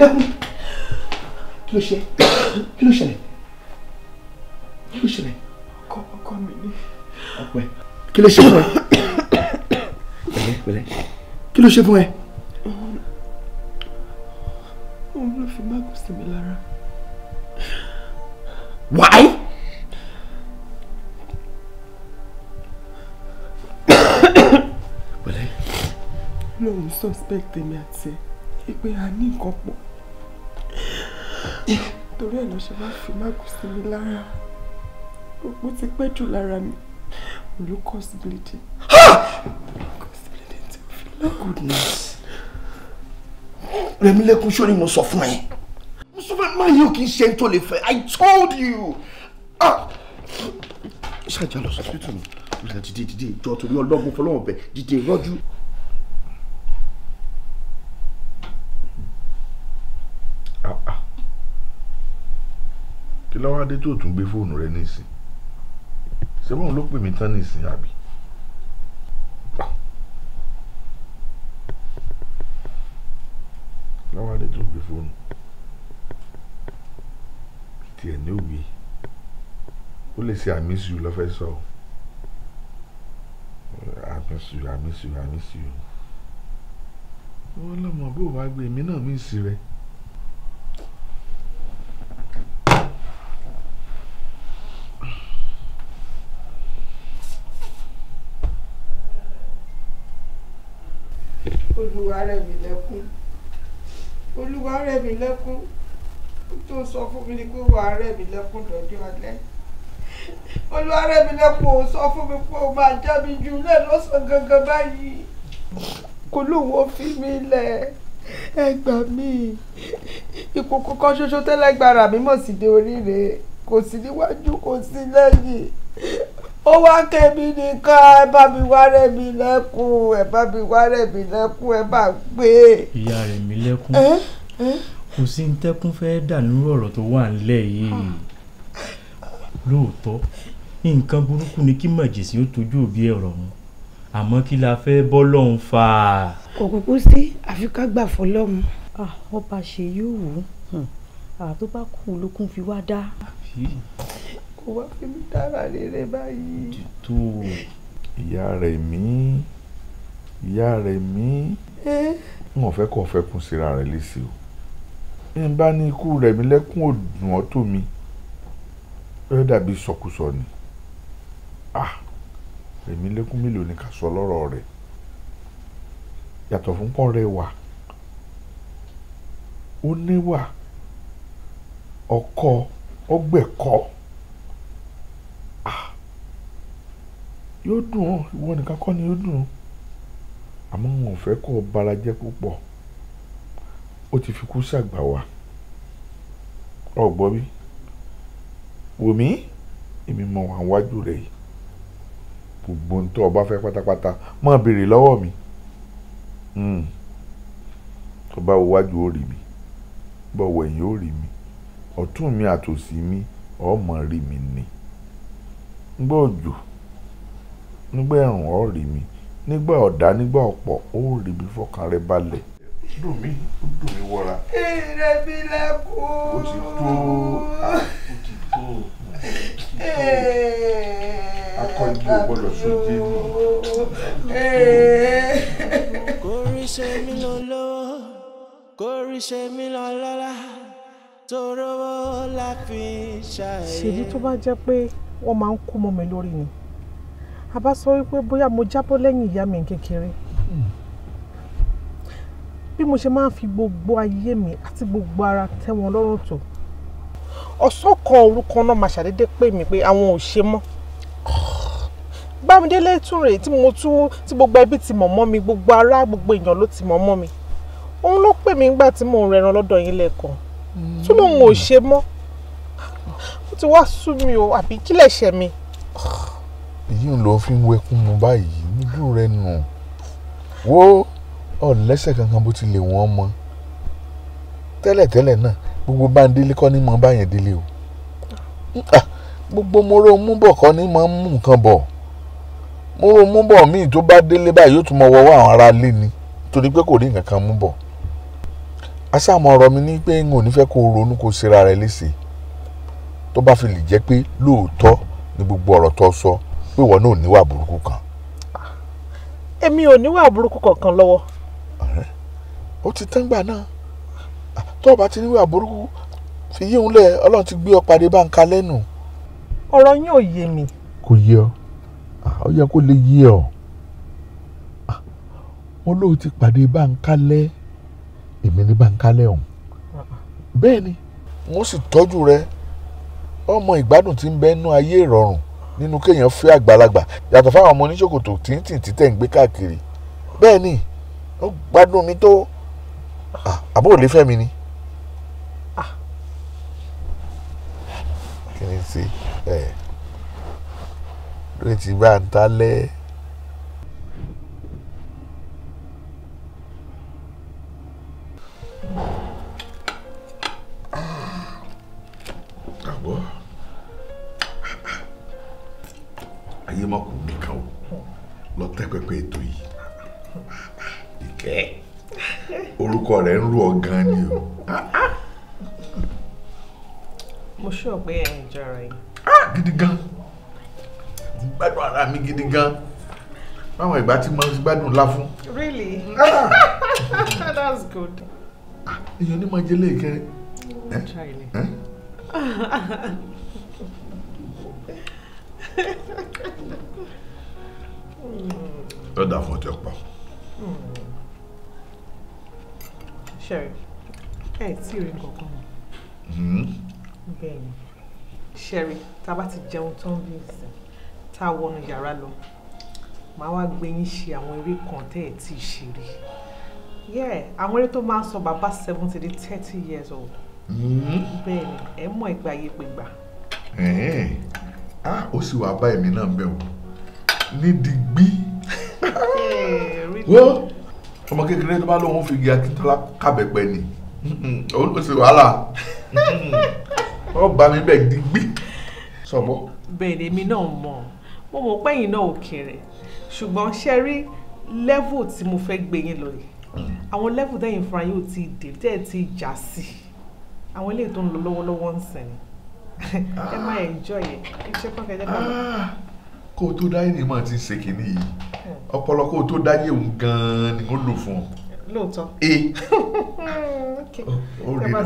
dẹ́kun kí ló ṣe kí ló ṣẹlẹ̀ kí ló ṣẹlẹ̀. ọkọ ọkọ mi ni. ọpẹ kí ló ṣe fún ẹ pẹ̀lẹ́ pẹ̀lẹ́ kí ló ṣe fún ẹ. òun ló fi mágùn sí mi lára. wáyé. pẹ̀lẹ́. lóun suspect èmi àti ẹ pé a ní nǹkan torí ẹ̀ ló ṣe máa fi máàkù sí mi lára òpó ti pẹ́ jù lára mi olùkọ́ sí bleeding olùkọ́ sí bleeding tí ó fi lọ. goodness Rẹ̀mílẹ́kún sórí mo sọ fún ẹ mo sọ fún ẹ máa yẹ kí n ṣe tó lè fẹ́ i told you. Ah ṣáàjà lọ sọ fún mi ìlà dìde dìde ìjọ torí ọlọ́gbọ́n fọlọ́wọ́n bẹ̀ dìde rọ́jú. lọ́wọ́ adé tó tún gbé fóònù rẹ nísìn ṣé bóun ló pè mí tán nísìn àbí. lọ́wọ́ adé tó gbé fóònù tiẹ̀ ní òwe ó lè ṣe àmì sùn lọ́fẹ́ sọ àmì sùn àmì sùn àmì sùn wọ́n lọ́mọ bó wàá gbé èmi náà mí sí rẹ̀. Olúwarẹ̀mílẹ́kún Olúwarẹ̀mílẹ́kún tó sọ fún mi ni pé Olúwarẹ̀mílẹ́kún dọ̀dún alẹ́ Olúwarẹ̀mílẹ́kún ò sọ fún mi pé o máa já mi jù lẹ́ lọ́sàn-án gangan báyìí kò lóun ó fi mí lẹ̀ ẹ gbà mí ìkòkò kan ṣoṣo tẹ́lẹ̀gbára mi mọ̀ sí de oríire kò sí níwájú kò sí lẹ́yìn ó wá kébi nìkan ẹ bá mi wá rẹ̀ mi lẹ́kùn ẹ bá mi wá rẹ̀ mi lẹ́kùn ẹ bá gbé. ìyá rẹ̀ mi lẹ́kùn kò sí ní tẹ́kùn fẹ́ dànù ọ̀rọ̀ tó wà nílẹ̀ yìí hmm. lóòótọ́ nǹkan burúkú ni kí màjèsí ó tójú òbí ẹ̀rọ wọn àmọ́ kí la fẹ́ bọ́ lọ́hùn fà á. kò kúkú sí àfi ká gbà ọba ṣe yóò wò ó hmm. àtọ́ olókùn fi wá dá wá fi mí dára rere báyìí. dìtò ìyá rẹ̀ mí ìyá rẹ̀ mi n ò fẹ́ kó fẹ́ kún síra rẹ̀ léṣe o bí bá ní ikú rẹ̀ mí lẹ́kún òdùn ọ́ mi ó dàbí sọkúsọ ni ah èmi lẹ́kún mélòó ni ká sọ lọ́rọ̀ rẹ̀ yàtọ̀ fún pọ́n rẹ̀ wà ó níwà ọkọ ọgbẹ̀kọ́. yóò dùn ọ́ ìwọ nìkan kọ́ ni yóò dùn ọ́ àmọ́ wọn ò fẹ́ kó o bara jẹ́ púpọ̀ ó ti fi kú ṣàgbà wá ọ̀gbọ́ bí wòmí èmi mọ wà wájú rẹ̀ yìí gbogbo ohun tó o bá fẹ́ pátápátá mọ́ béèrè lọ́wọ́ mi hmm. tó bá wo wájú ó rí mi bá wo ẹ̀yìn ó rí mi ọ̀tún mi àtòsí mi ọmọ rí mi ni gbọ́ òjò nígbà ẹ̀rùn ọ̀ rí mi nígbà ọ̀dá nígbà ọ̀pọ̀ ó rí mi fọkàn rẹ balẹ̀. dùn mí ó dùn mí wọra. èrè mi lẹ́kọ̀ọ́. ó ti tó ó ti tó ó ti tó akọ ibi ò gbọdọ̀ sóde nù. kórìí ṣe mí lọ́lọ́ kórìí ṣe mí lọ́lọ́lá torówó la fi ṣàyẹ̀. ṣèyí tó bá jẹ́ pé wọ́n máa ń kú mọ́ mi lórí ni a bá sọ wípé bóyá mo jábọ́ lẹ́yìn ìyá mi kékeré hmm. bí mo ṣe máa ń fi gbogbo ayé mi àti gbogbo ara tẹ́ wọn lọ́rùn tó ọ̀sán kan orúkọ náà máa ṣàdédé pè mí pé àwọn ò ṣe mọ́ bámidélé tún rèé tí mo tún tí gbogbo ẹbí ti mọ̀ mọ́ mi gbogbo ará gbogbo èèyàn ló ti mọ̀ mọ́ mi òun ló pè mí nígbà tí mò ń rẹran lọ́dọ̀ yín lẹ́ẹ̀kan tún hmm. lòun ò ṣe mọ́ ó ti wá sú mi o àbí kílẹ̀ ṣẹ̀ mi. èyí ń fi ń wẹkún mu báyìí níjú rẹ nù wo ọ̀lẹ́sẹ̀ kankan bó ti lè wọn mọ tẹ́lẹ̀tẹ́lẹ̀ náà gbogbo bandele kọ́ ní mọ báyẹn délé o ah. Ah, gbogbo moro mú bọ̀ kọ́ ní mọ mú nǹkan bọ̀ moro mú bọ̀ míì tó bá délé báyìí yóò tún mọ wọ́wọ́ àwọn ará lé ni torí pé kò rí nǹkan kan mú bọ̀ asáàmọ̀ mi ní pé n ò ní fẹ́ kó o ronú kó o ṣera rẹ léṣe tó bá fi lè jẹ́ pé lóòótọ́ ni gbogbo ọ̀rọ̀ tó sọ so pé ìwọ náà níwà burúkú kan. èmi ò níwà burúkú kankan lọ́wọ́. ó ti tán gbà náà tó o bá ti níwà burúkú fi yí òun lẹ̀ ọlọ́run ti gbé ọ pàdé báńkà lẹ́nu. ọ̀rọ̀ yín ò yé mi. kò yé ọ ó yẹ kó lè yé ọ wọn lóò ti pàdé báńkà lẹ́ èmi ní báńkà lẹ́ ọ̀hún bẹ́ẹ̀ ni wọ́n sì tọ́jú rẹ ọmọ ìgbádùn tí ń bẹ́ẹ̀ nú ayé ìrọ̀rùn nínú kéèyàn fẹ́ àgbàlagbà yàtọ̀ fáwọn ọmọ oníṣòkòtò tìǹtìǹ títẹ̀ ń gbé káàkiri bẹ́ẹ̀ ni ó gbádùn mi tó àbó òlé fẹ́ mi ni. kí ni ti ẹ lórí ti bá ń talẹ́. Ah, boy. ayé má kú kíkan o lọ tẹ́ pẹpẹ ètò yìí ìkẹ́ orúkọ rẹ̀ ń rú ọ gan ni o. mo ṣọ́ pé ẹ̀ ń jọra yìí. gidi gan gbádùn ara mi gidi gan báwọn ìgbà tí mo gbádùn ńlá fún. really that's good. èèyàn ni máa jẹ léèké. ẹ ẹ ẹ dà fún ọtí ọ̀pá. ṣẹ́rí ẹ tí ò rí nǹkan kan mm-hmm. bẹ́ẹ̀ ni ṣẹ́rí tá a bá ti jẹun tán bí ìsìn tá a wọnú yàrá kan tẹ́ ẹ̀ tí yeah àwọn eré tó máa ń sọ bàbá seventy to thirty years old mm-hmm. bẹ́ẹ̀ ni ẹ mọ̀ ìgbà yé pé gbà ah ó sì wàá bá èmi náà bẹ̀ o ní digbí wo ọmọ kékeré tó bá lóun fi gíga Akíntọ́lá kábẹ̀pẹ̀ ni ó sì wàhálà ó bá mi bẹ̀ digbí sọ̀bọ́. bẹ́ẹ̀ èmi náà mọ̀ mo mọ̀ pẹ́yìn náà ò kéré ṣùgbọ́n ṣe rí lẹ́vù tí mo fẹ́ gbé yín lọ yìí hmm. àwọn lẹ́vù tẹ̀yìn fúnra yóò ti dé tẹ́ẹ̀ ti jà sí àwọn eléyìí tó ń lọ lọ́wọ́lọ́wọ́ ń sẹ́yìn Ah. ẹ máa enjoy ẹ ṣé kọ́kẹ́ jẹ́ ká kó o tó dáyé ni màá ti ṣe kínní yìí hmm. ọpọlọ kó o tó dáyé òun gan-an ni mo lò fún ọ. lóòótọ́ ee hmm, ó rí nà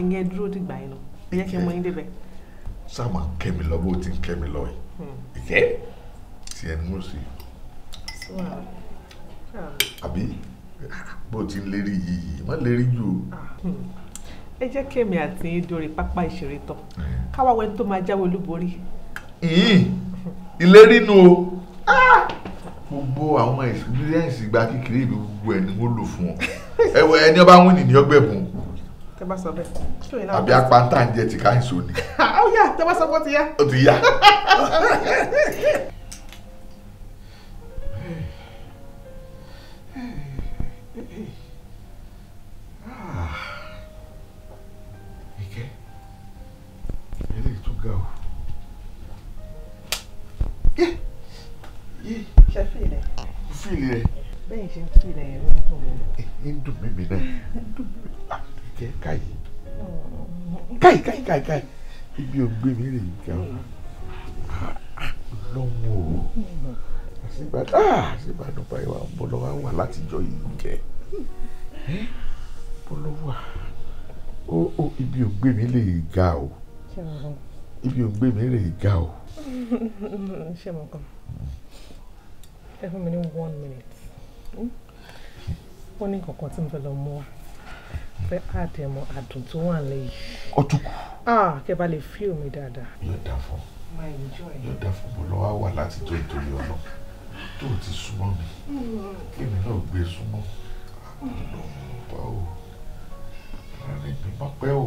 ìyẹn dúró dìgbà yẹn lọ ìyẹn kí n mọ yín débẹ̀. sáà máa kẹ́ mi lọ bó o ti ń kẹ́ mi lọ yìí hmm. ìkẹ́ tiẹ̀ ni mo sì àbí bó o ti ń lérí yìí má lérí jù ẹ jẹ́ kí èmi àti yín dórí pápá ìṣeré tán káwá wẹ́n tó máa jáwé olúborí. ìyìn ìlérí nu o ah! gbogbo àwọn experience ìgbà kékeré mi gbogbo ẹ̀ ni mo lò fún ọ ẹwẹ ẹni ọba ń wìn ní ọgbẹ bùn tẹ bá sọ bẹ́ẹ̀ àbí apáńtà ń jẹ tìka ìṣó ni. Ah, ó yà tẹ bá sọ pé ó ti yá. ó ti yá. Ah. ga o. ṣe fìlẹ̀. o lọ́wọ́ o àṣìbàdàn àṣìbàdàn báyìí wà bọ́lọ́wà wà látijọ́ yìí jẹ́ bọ́lọ́wà ó ibi ò ń gbé mi rèé ga o ibi ò ń gbé mi rè é ga o. ṣé mo kàn ẹ fún mi ní one minute hmm? ó ní kankan tí mo fẹ́ lọ mú wa fẹ́ àdẹ̀mọ àdùn tó wà lẹ́yìn. ó kù. Ah, kẹ́ bá lè fí omi dáadáa. yóò dà fún yóò dà fún mo lọ́wọ́ wà láti tó nítorí ọ̀nà tó o ti súnmọ́ mi èmi náà gbé e súnmọ́ àdùn ló bá o rárẹ̀ mi pẹ́ o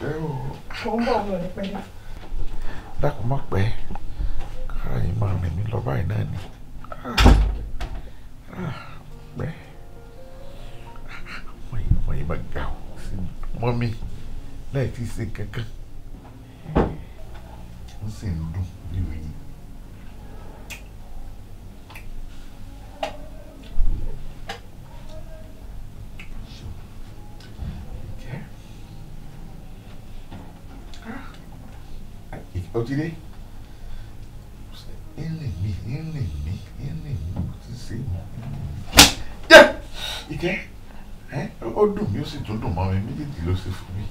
pẹ́ dákun má pẹ́ kára yìí máa rìn mí lọ báyìí náà ni. pẹ́ wọ́n yìí wọ́n yìí máa ga mọ́ mi láì tí ì ṣe kankan. ó sì ń dùn ní ìròyìn. ó ti dé ń rìn mí ń rìn mí ń rìn mí ó ti ṣe mí. jẹ́ ìkẹ́ ó dùn mí ó sì tún dùn mọ́ mi méjèèjì ló ṣe fún mi.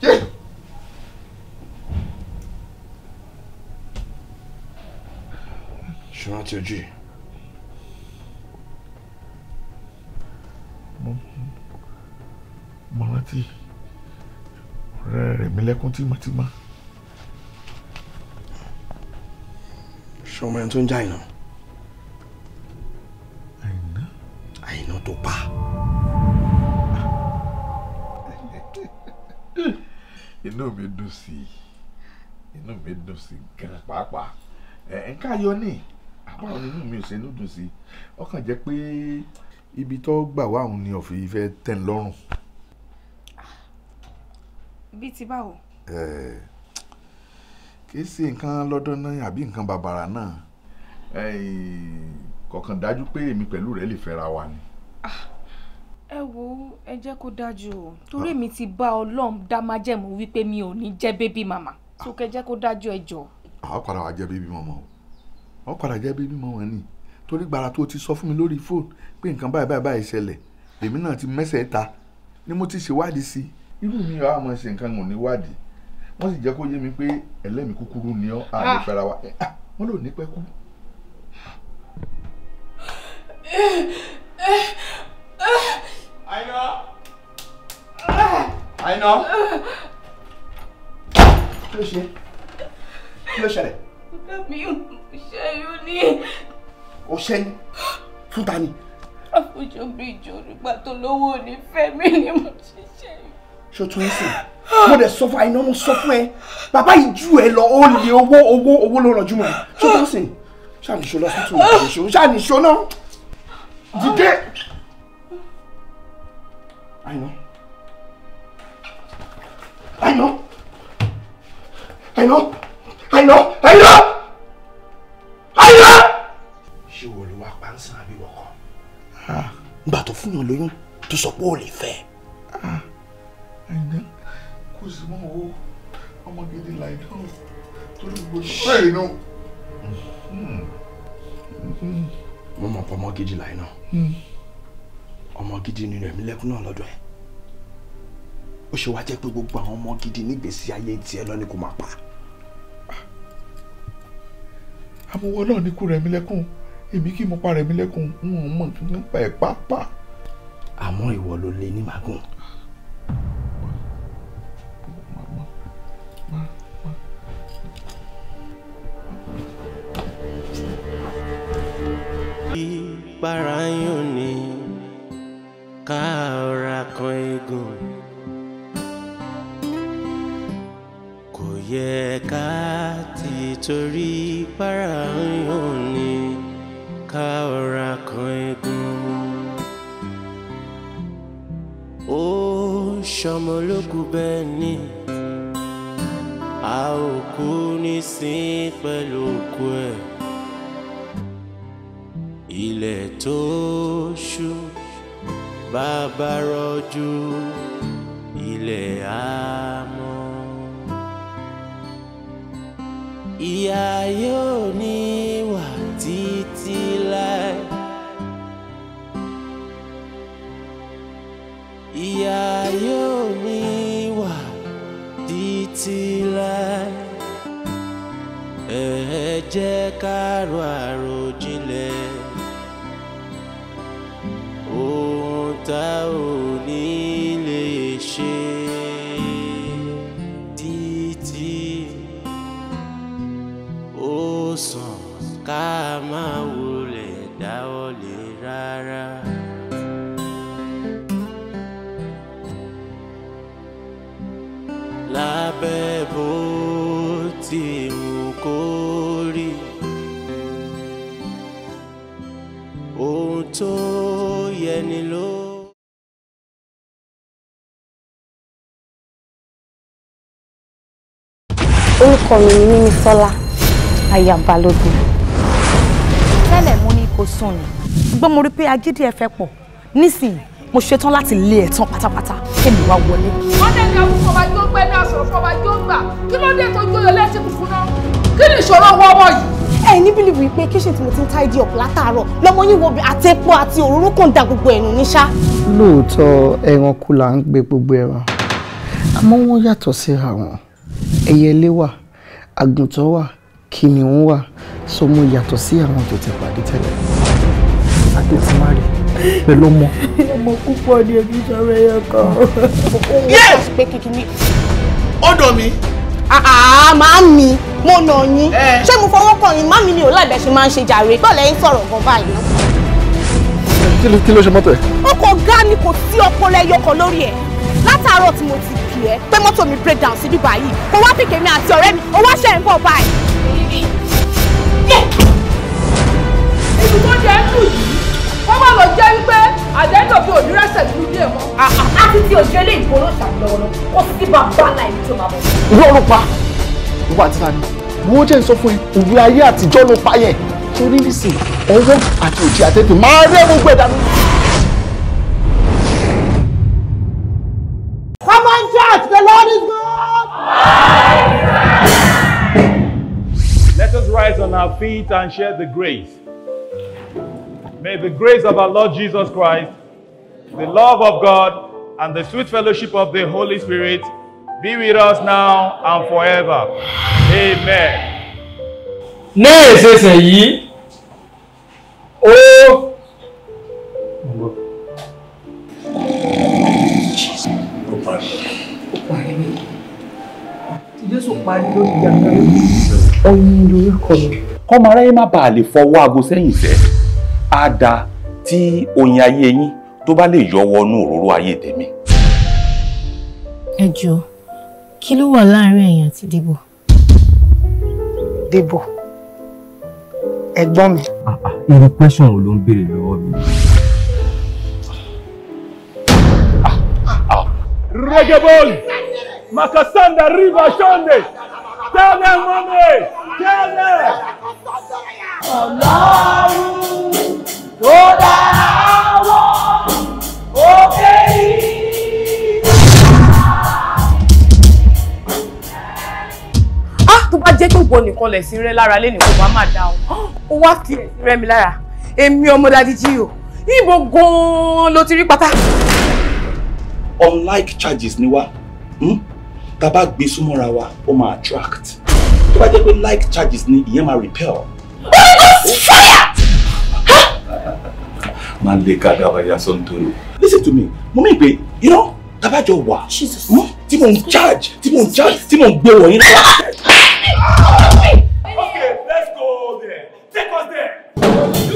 jẹ́ jẹ́. ṣùgbọ́n ti ojú yìí. mo rántí ọ̀rẹ́ rẹ̀ mi lẹ́kún tímọ́tímọ́. ṣọmọ ẹni tó ń já iná. àìná. àìná tó pa. inú mi dùn sí i inú mi dùn sí i gan pàápàá ẹ nǹkan ayọ̀ ni àbáwọn inú mi ò ṣe inú dùn sí i ọkàn jẹ́ pé ibi tó gbà wá òun ni ọ̀fìn ìfẹ́ tẹ̀ ń lọ́rùn bíi ti báwo. Eh, kì í ṣe nǹkan lọ́dọ̀ náà àbí nǹkan bàbàrà náà eh, kọ̀ọ̀kan dájú pé èmi pẹ̀lú rẹ̀ lè fẹ́ra wa ni. Ah, ẹ wo ẹ jẹ́ kó dájú o ah. torí èmi ti bá ọlọ́run dá májẹ̀mú wípé mi ò ní jẹ́ bébí màmá tó ah. kẹ́ jẹ́ kó dájú ẹ jọ. àwọn padà wàá jẹ́ bébí màmá o wọ́n padà jẹ́ bébí màmá ni torí gbàrà tó ti sọ fún mi lórí fóònù pé nǹkan báyìí báyìí báyìí ṣẹlẹ̀ èmi náà ti mẹ́sẹ̀ ta ni mo ti ṣèwádìí sí i irú mi ò àmọ́ ṣe nǹkan ò ní wádìí wọ́n sì jẹ́ kó yé mi pé ẹlẹ́mìí kúkúrú ni ọ́ àmì ah. fẹ́ra wa ah, wọ́n lò ní pẹ́ kú. àìná ah. kí ló ṣe kí ló ṣẹlẹ̀. ọ̀gá mi ò ṣẹ́yún ní. o ṣẹ́yún fún ta ni. àfojúbí ìjọ nígbà tó lówó onífẹ́ mi ni mo ṣe ṣẹ́yún ṣòtún sí mo dẹ̀ sọ fún àìná mo sọ fún ẹ bàbá yìí ju ẹ lọ ó lè owó owó owó ló rànjú mọ́ ẹ ṣòtún sí ṣàníṣó lọ sí tù ìṣó ṣàníṣó náà dìde àìná àìná àìná àìná àìná àìná. ṣé wo ló wá pa ń sàn àbí wọkọ. Ah. gbà tó fún yàn lóyún tó sọ pé ó lè fẹ́. Ah àìná kò o mọ́ owó ọmọ gidi láì dáhùn torí gbogbo ṣẹ́ iná. Hmm. mo mọ̀ pọ̀ ọmọ gidi láì náà hmm. ọmọ gidi nínú ẹ̀mí lẹ́kún náà lọ́dọ̀ ẹ̀ ó ṣe wá jẹ́ pé gbogbo àwọn ọmọ gidi nígbèésí ayé tiẹ̀ lọ ni kò máa pa. àmúwọ́ náà ní kú rẹ̀ mí lẹ́kún èmi kì í mọ pa rẹ̀ lẹ́kún n mọ̀ nípa ẹ̀ pàápàá. àmọ́ ìwọ ló lé ní màgùn. para yún ni ká ọ̀rá kan eégún. kò yẹ ká ti torí para yún ni ká ọ̀rá kan eégún. ó ṣọmọ lókù bẹ́ẹ̀ ni a ò kú nísìn pẹ̀lú òkú ẹ̀ ilẹ̀ tó ṣú bàbá rọ̀jú ilẹ̀ á mọ́. ìyà yóò ní wà títí láì. ìyà yóò ní wà títí láì. ẹ jẹ́ ká ro àrò. tahu Orúkọ mi ni Mímí Sọ́lá, aya Balógun. Tẹ́lẹ̀ mo ní kò sùn ni. Ṣùgbọ́n mo rí pé agídí ẹ fẹ́ pọ̀. Nísìnyí, mo ṣetán láti lé ẹ̀ tán pátápátá. Kémi wá wọlé. Wọ́n dẹ̀ka fún ọba tí ó gbẹ́ náà sọ̀rọ̀ fún ọba tí ó gbà. Kí ló dé tó jóyọ lẹ́sìn funfun náà? Kí ni ìṣòro wọ́wọ́ yìí? Ẹ ní bílíìfù yìí pé kíṣìn tí mo ti ń tidy up látàárọ̀ lọ́mọ yín wo àti epo àti òróró kò ń da gbogbo ẹ̀nu níṣá. Lóòótọ́ ẹranko là ń gbé gbogbo ẹran àmọ́ wọ́n yàtọ̀ síra wọn ẹyẹlé wà àgùntàn wà kìnìún wà so mo yàtọ̀ sí àwọn tó ti pàdé tẹ́lẹ̀ adé ti má rí pẹ̀lú ọmọ. ọmọ púpọ̀ ni èmi sọ̀rọ̀ ẹ̀yọ kan. yes pé kìkìní. ọ̀dọ̀ mi. Ah, ah, màá mi mo nà yín eh. ṣé mo fọwọ́ kàn yín má mi ni ò láìbẹ̀ ṣe máa ń ṣe jàre bọ́ọ̀lù ẹ̀yìn sọ̀rọ̀ gan báyìí kí ló ṣe mọ́tò ẹ̀. ọkọ̀ ọ̀gá mi kò sí ọpọlọ ẹyọ kan lórí ẹ̀ látàárọ̀ tí mo ti ẹ pé mọ́tò mi break down síbí báyìí kó wá pèké mi àti ọ̀rẹ́ mi ó wá ṣe ń bọ̀ báyìí. èyí tó jẹ́ ń lù yìí wọ́n bá lọ jẹ́ wípé àdéhùn bí òní rẹ́sẹ̀ nínú ilé mọ́. láti ti òjò ilé ìgboro ṣàgbọ́wọ́lọ́ ó sì bá bá láì tó máa bọ̀. ìwọ ló pa ìwọ àti tani wọ́n jẹ́ ń sọ fún ẹ òwe ayé àtijọ́ ló pa yẹn torí nísìnyí ọwọ́ àti òjì àtẹ̀tẹ̀ máa rẹ́ gbogbo ẹ̀dá nínú. feet and share the grace. May the grace of our Lord Jesus Christ, the love of God, and the sweet fellowship of the Holy Spirit be with us now and forever. Amen. kọ́mọ aráyé má bàa lè fọwọ́ aago sẹ́yìn sẹ́ á da tí oyin ayé yín tó bá lè yọ wọnú òróró ayé tèmi. ẹ jọ kí ló wà láàárín ẹ̀yin àti Débọ̀. Débọ̀ ẹ̀gbọ́n mi. Ah, ah, irú pẹ́sàn wo ló ń béèrè lọ́wọ́ mi. reggae ball makasanda river sunday tell them money kẹ́lẹ̀. ọlọ́run tó dára wọ́ òkè yìí. á tó bá jẹ́ pé ìwọ nìkan lẹ̀ sí rẹ lára lẹ́nu kó bá máa dá o ah, ó wá fi ẹ̀sìn rẹ mi lára èmi ọmọ Daddy o ibo gan-an ló ti rí pátá. unlike charges ni wa hmm? tá a bá gbé súnmọ́ra wa ó máa attract tó bá jẹ́ pé like charges ni ìyẹn máa repel. fire. máa lè ká dábàyà sọ́ńtòrò. listen to me mo mí pé you know tabajọ wà hmm, tí mò ń charge tí mò ń charge tí mò ń gbé wọ̀nyí lọ́wọ́. okay let's go there take us there.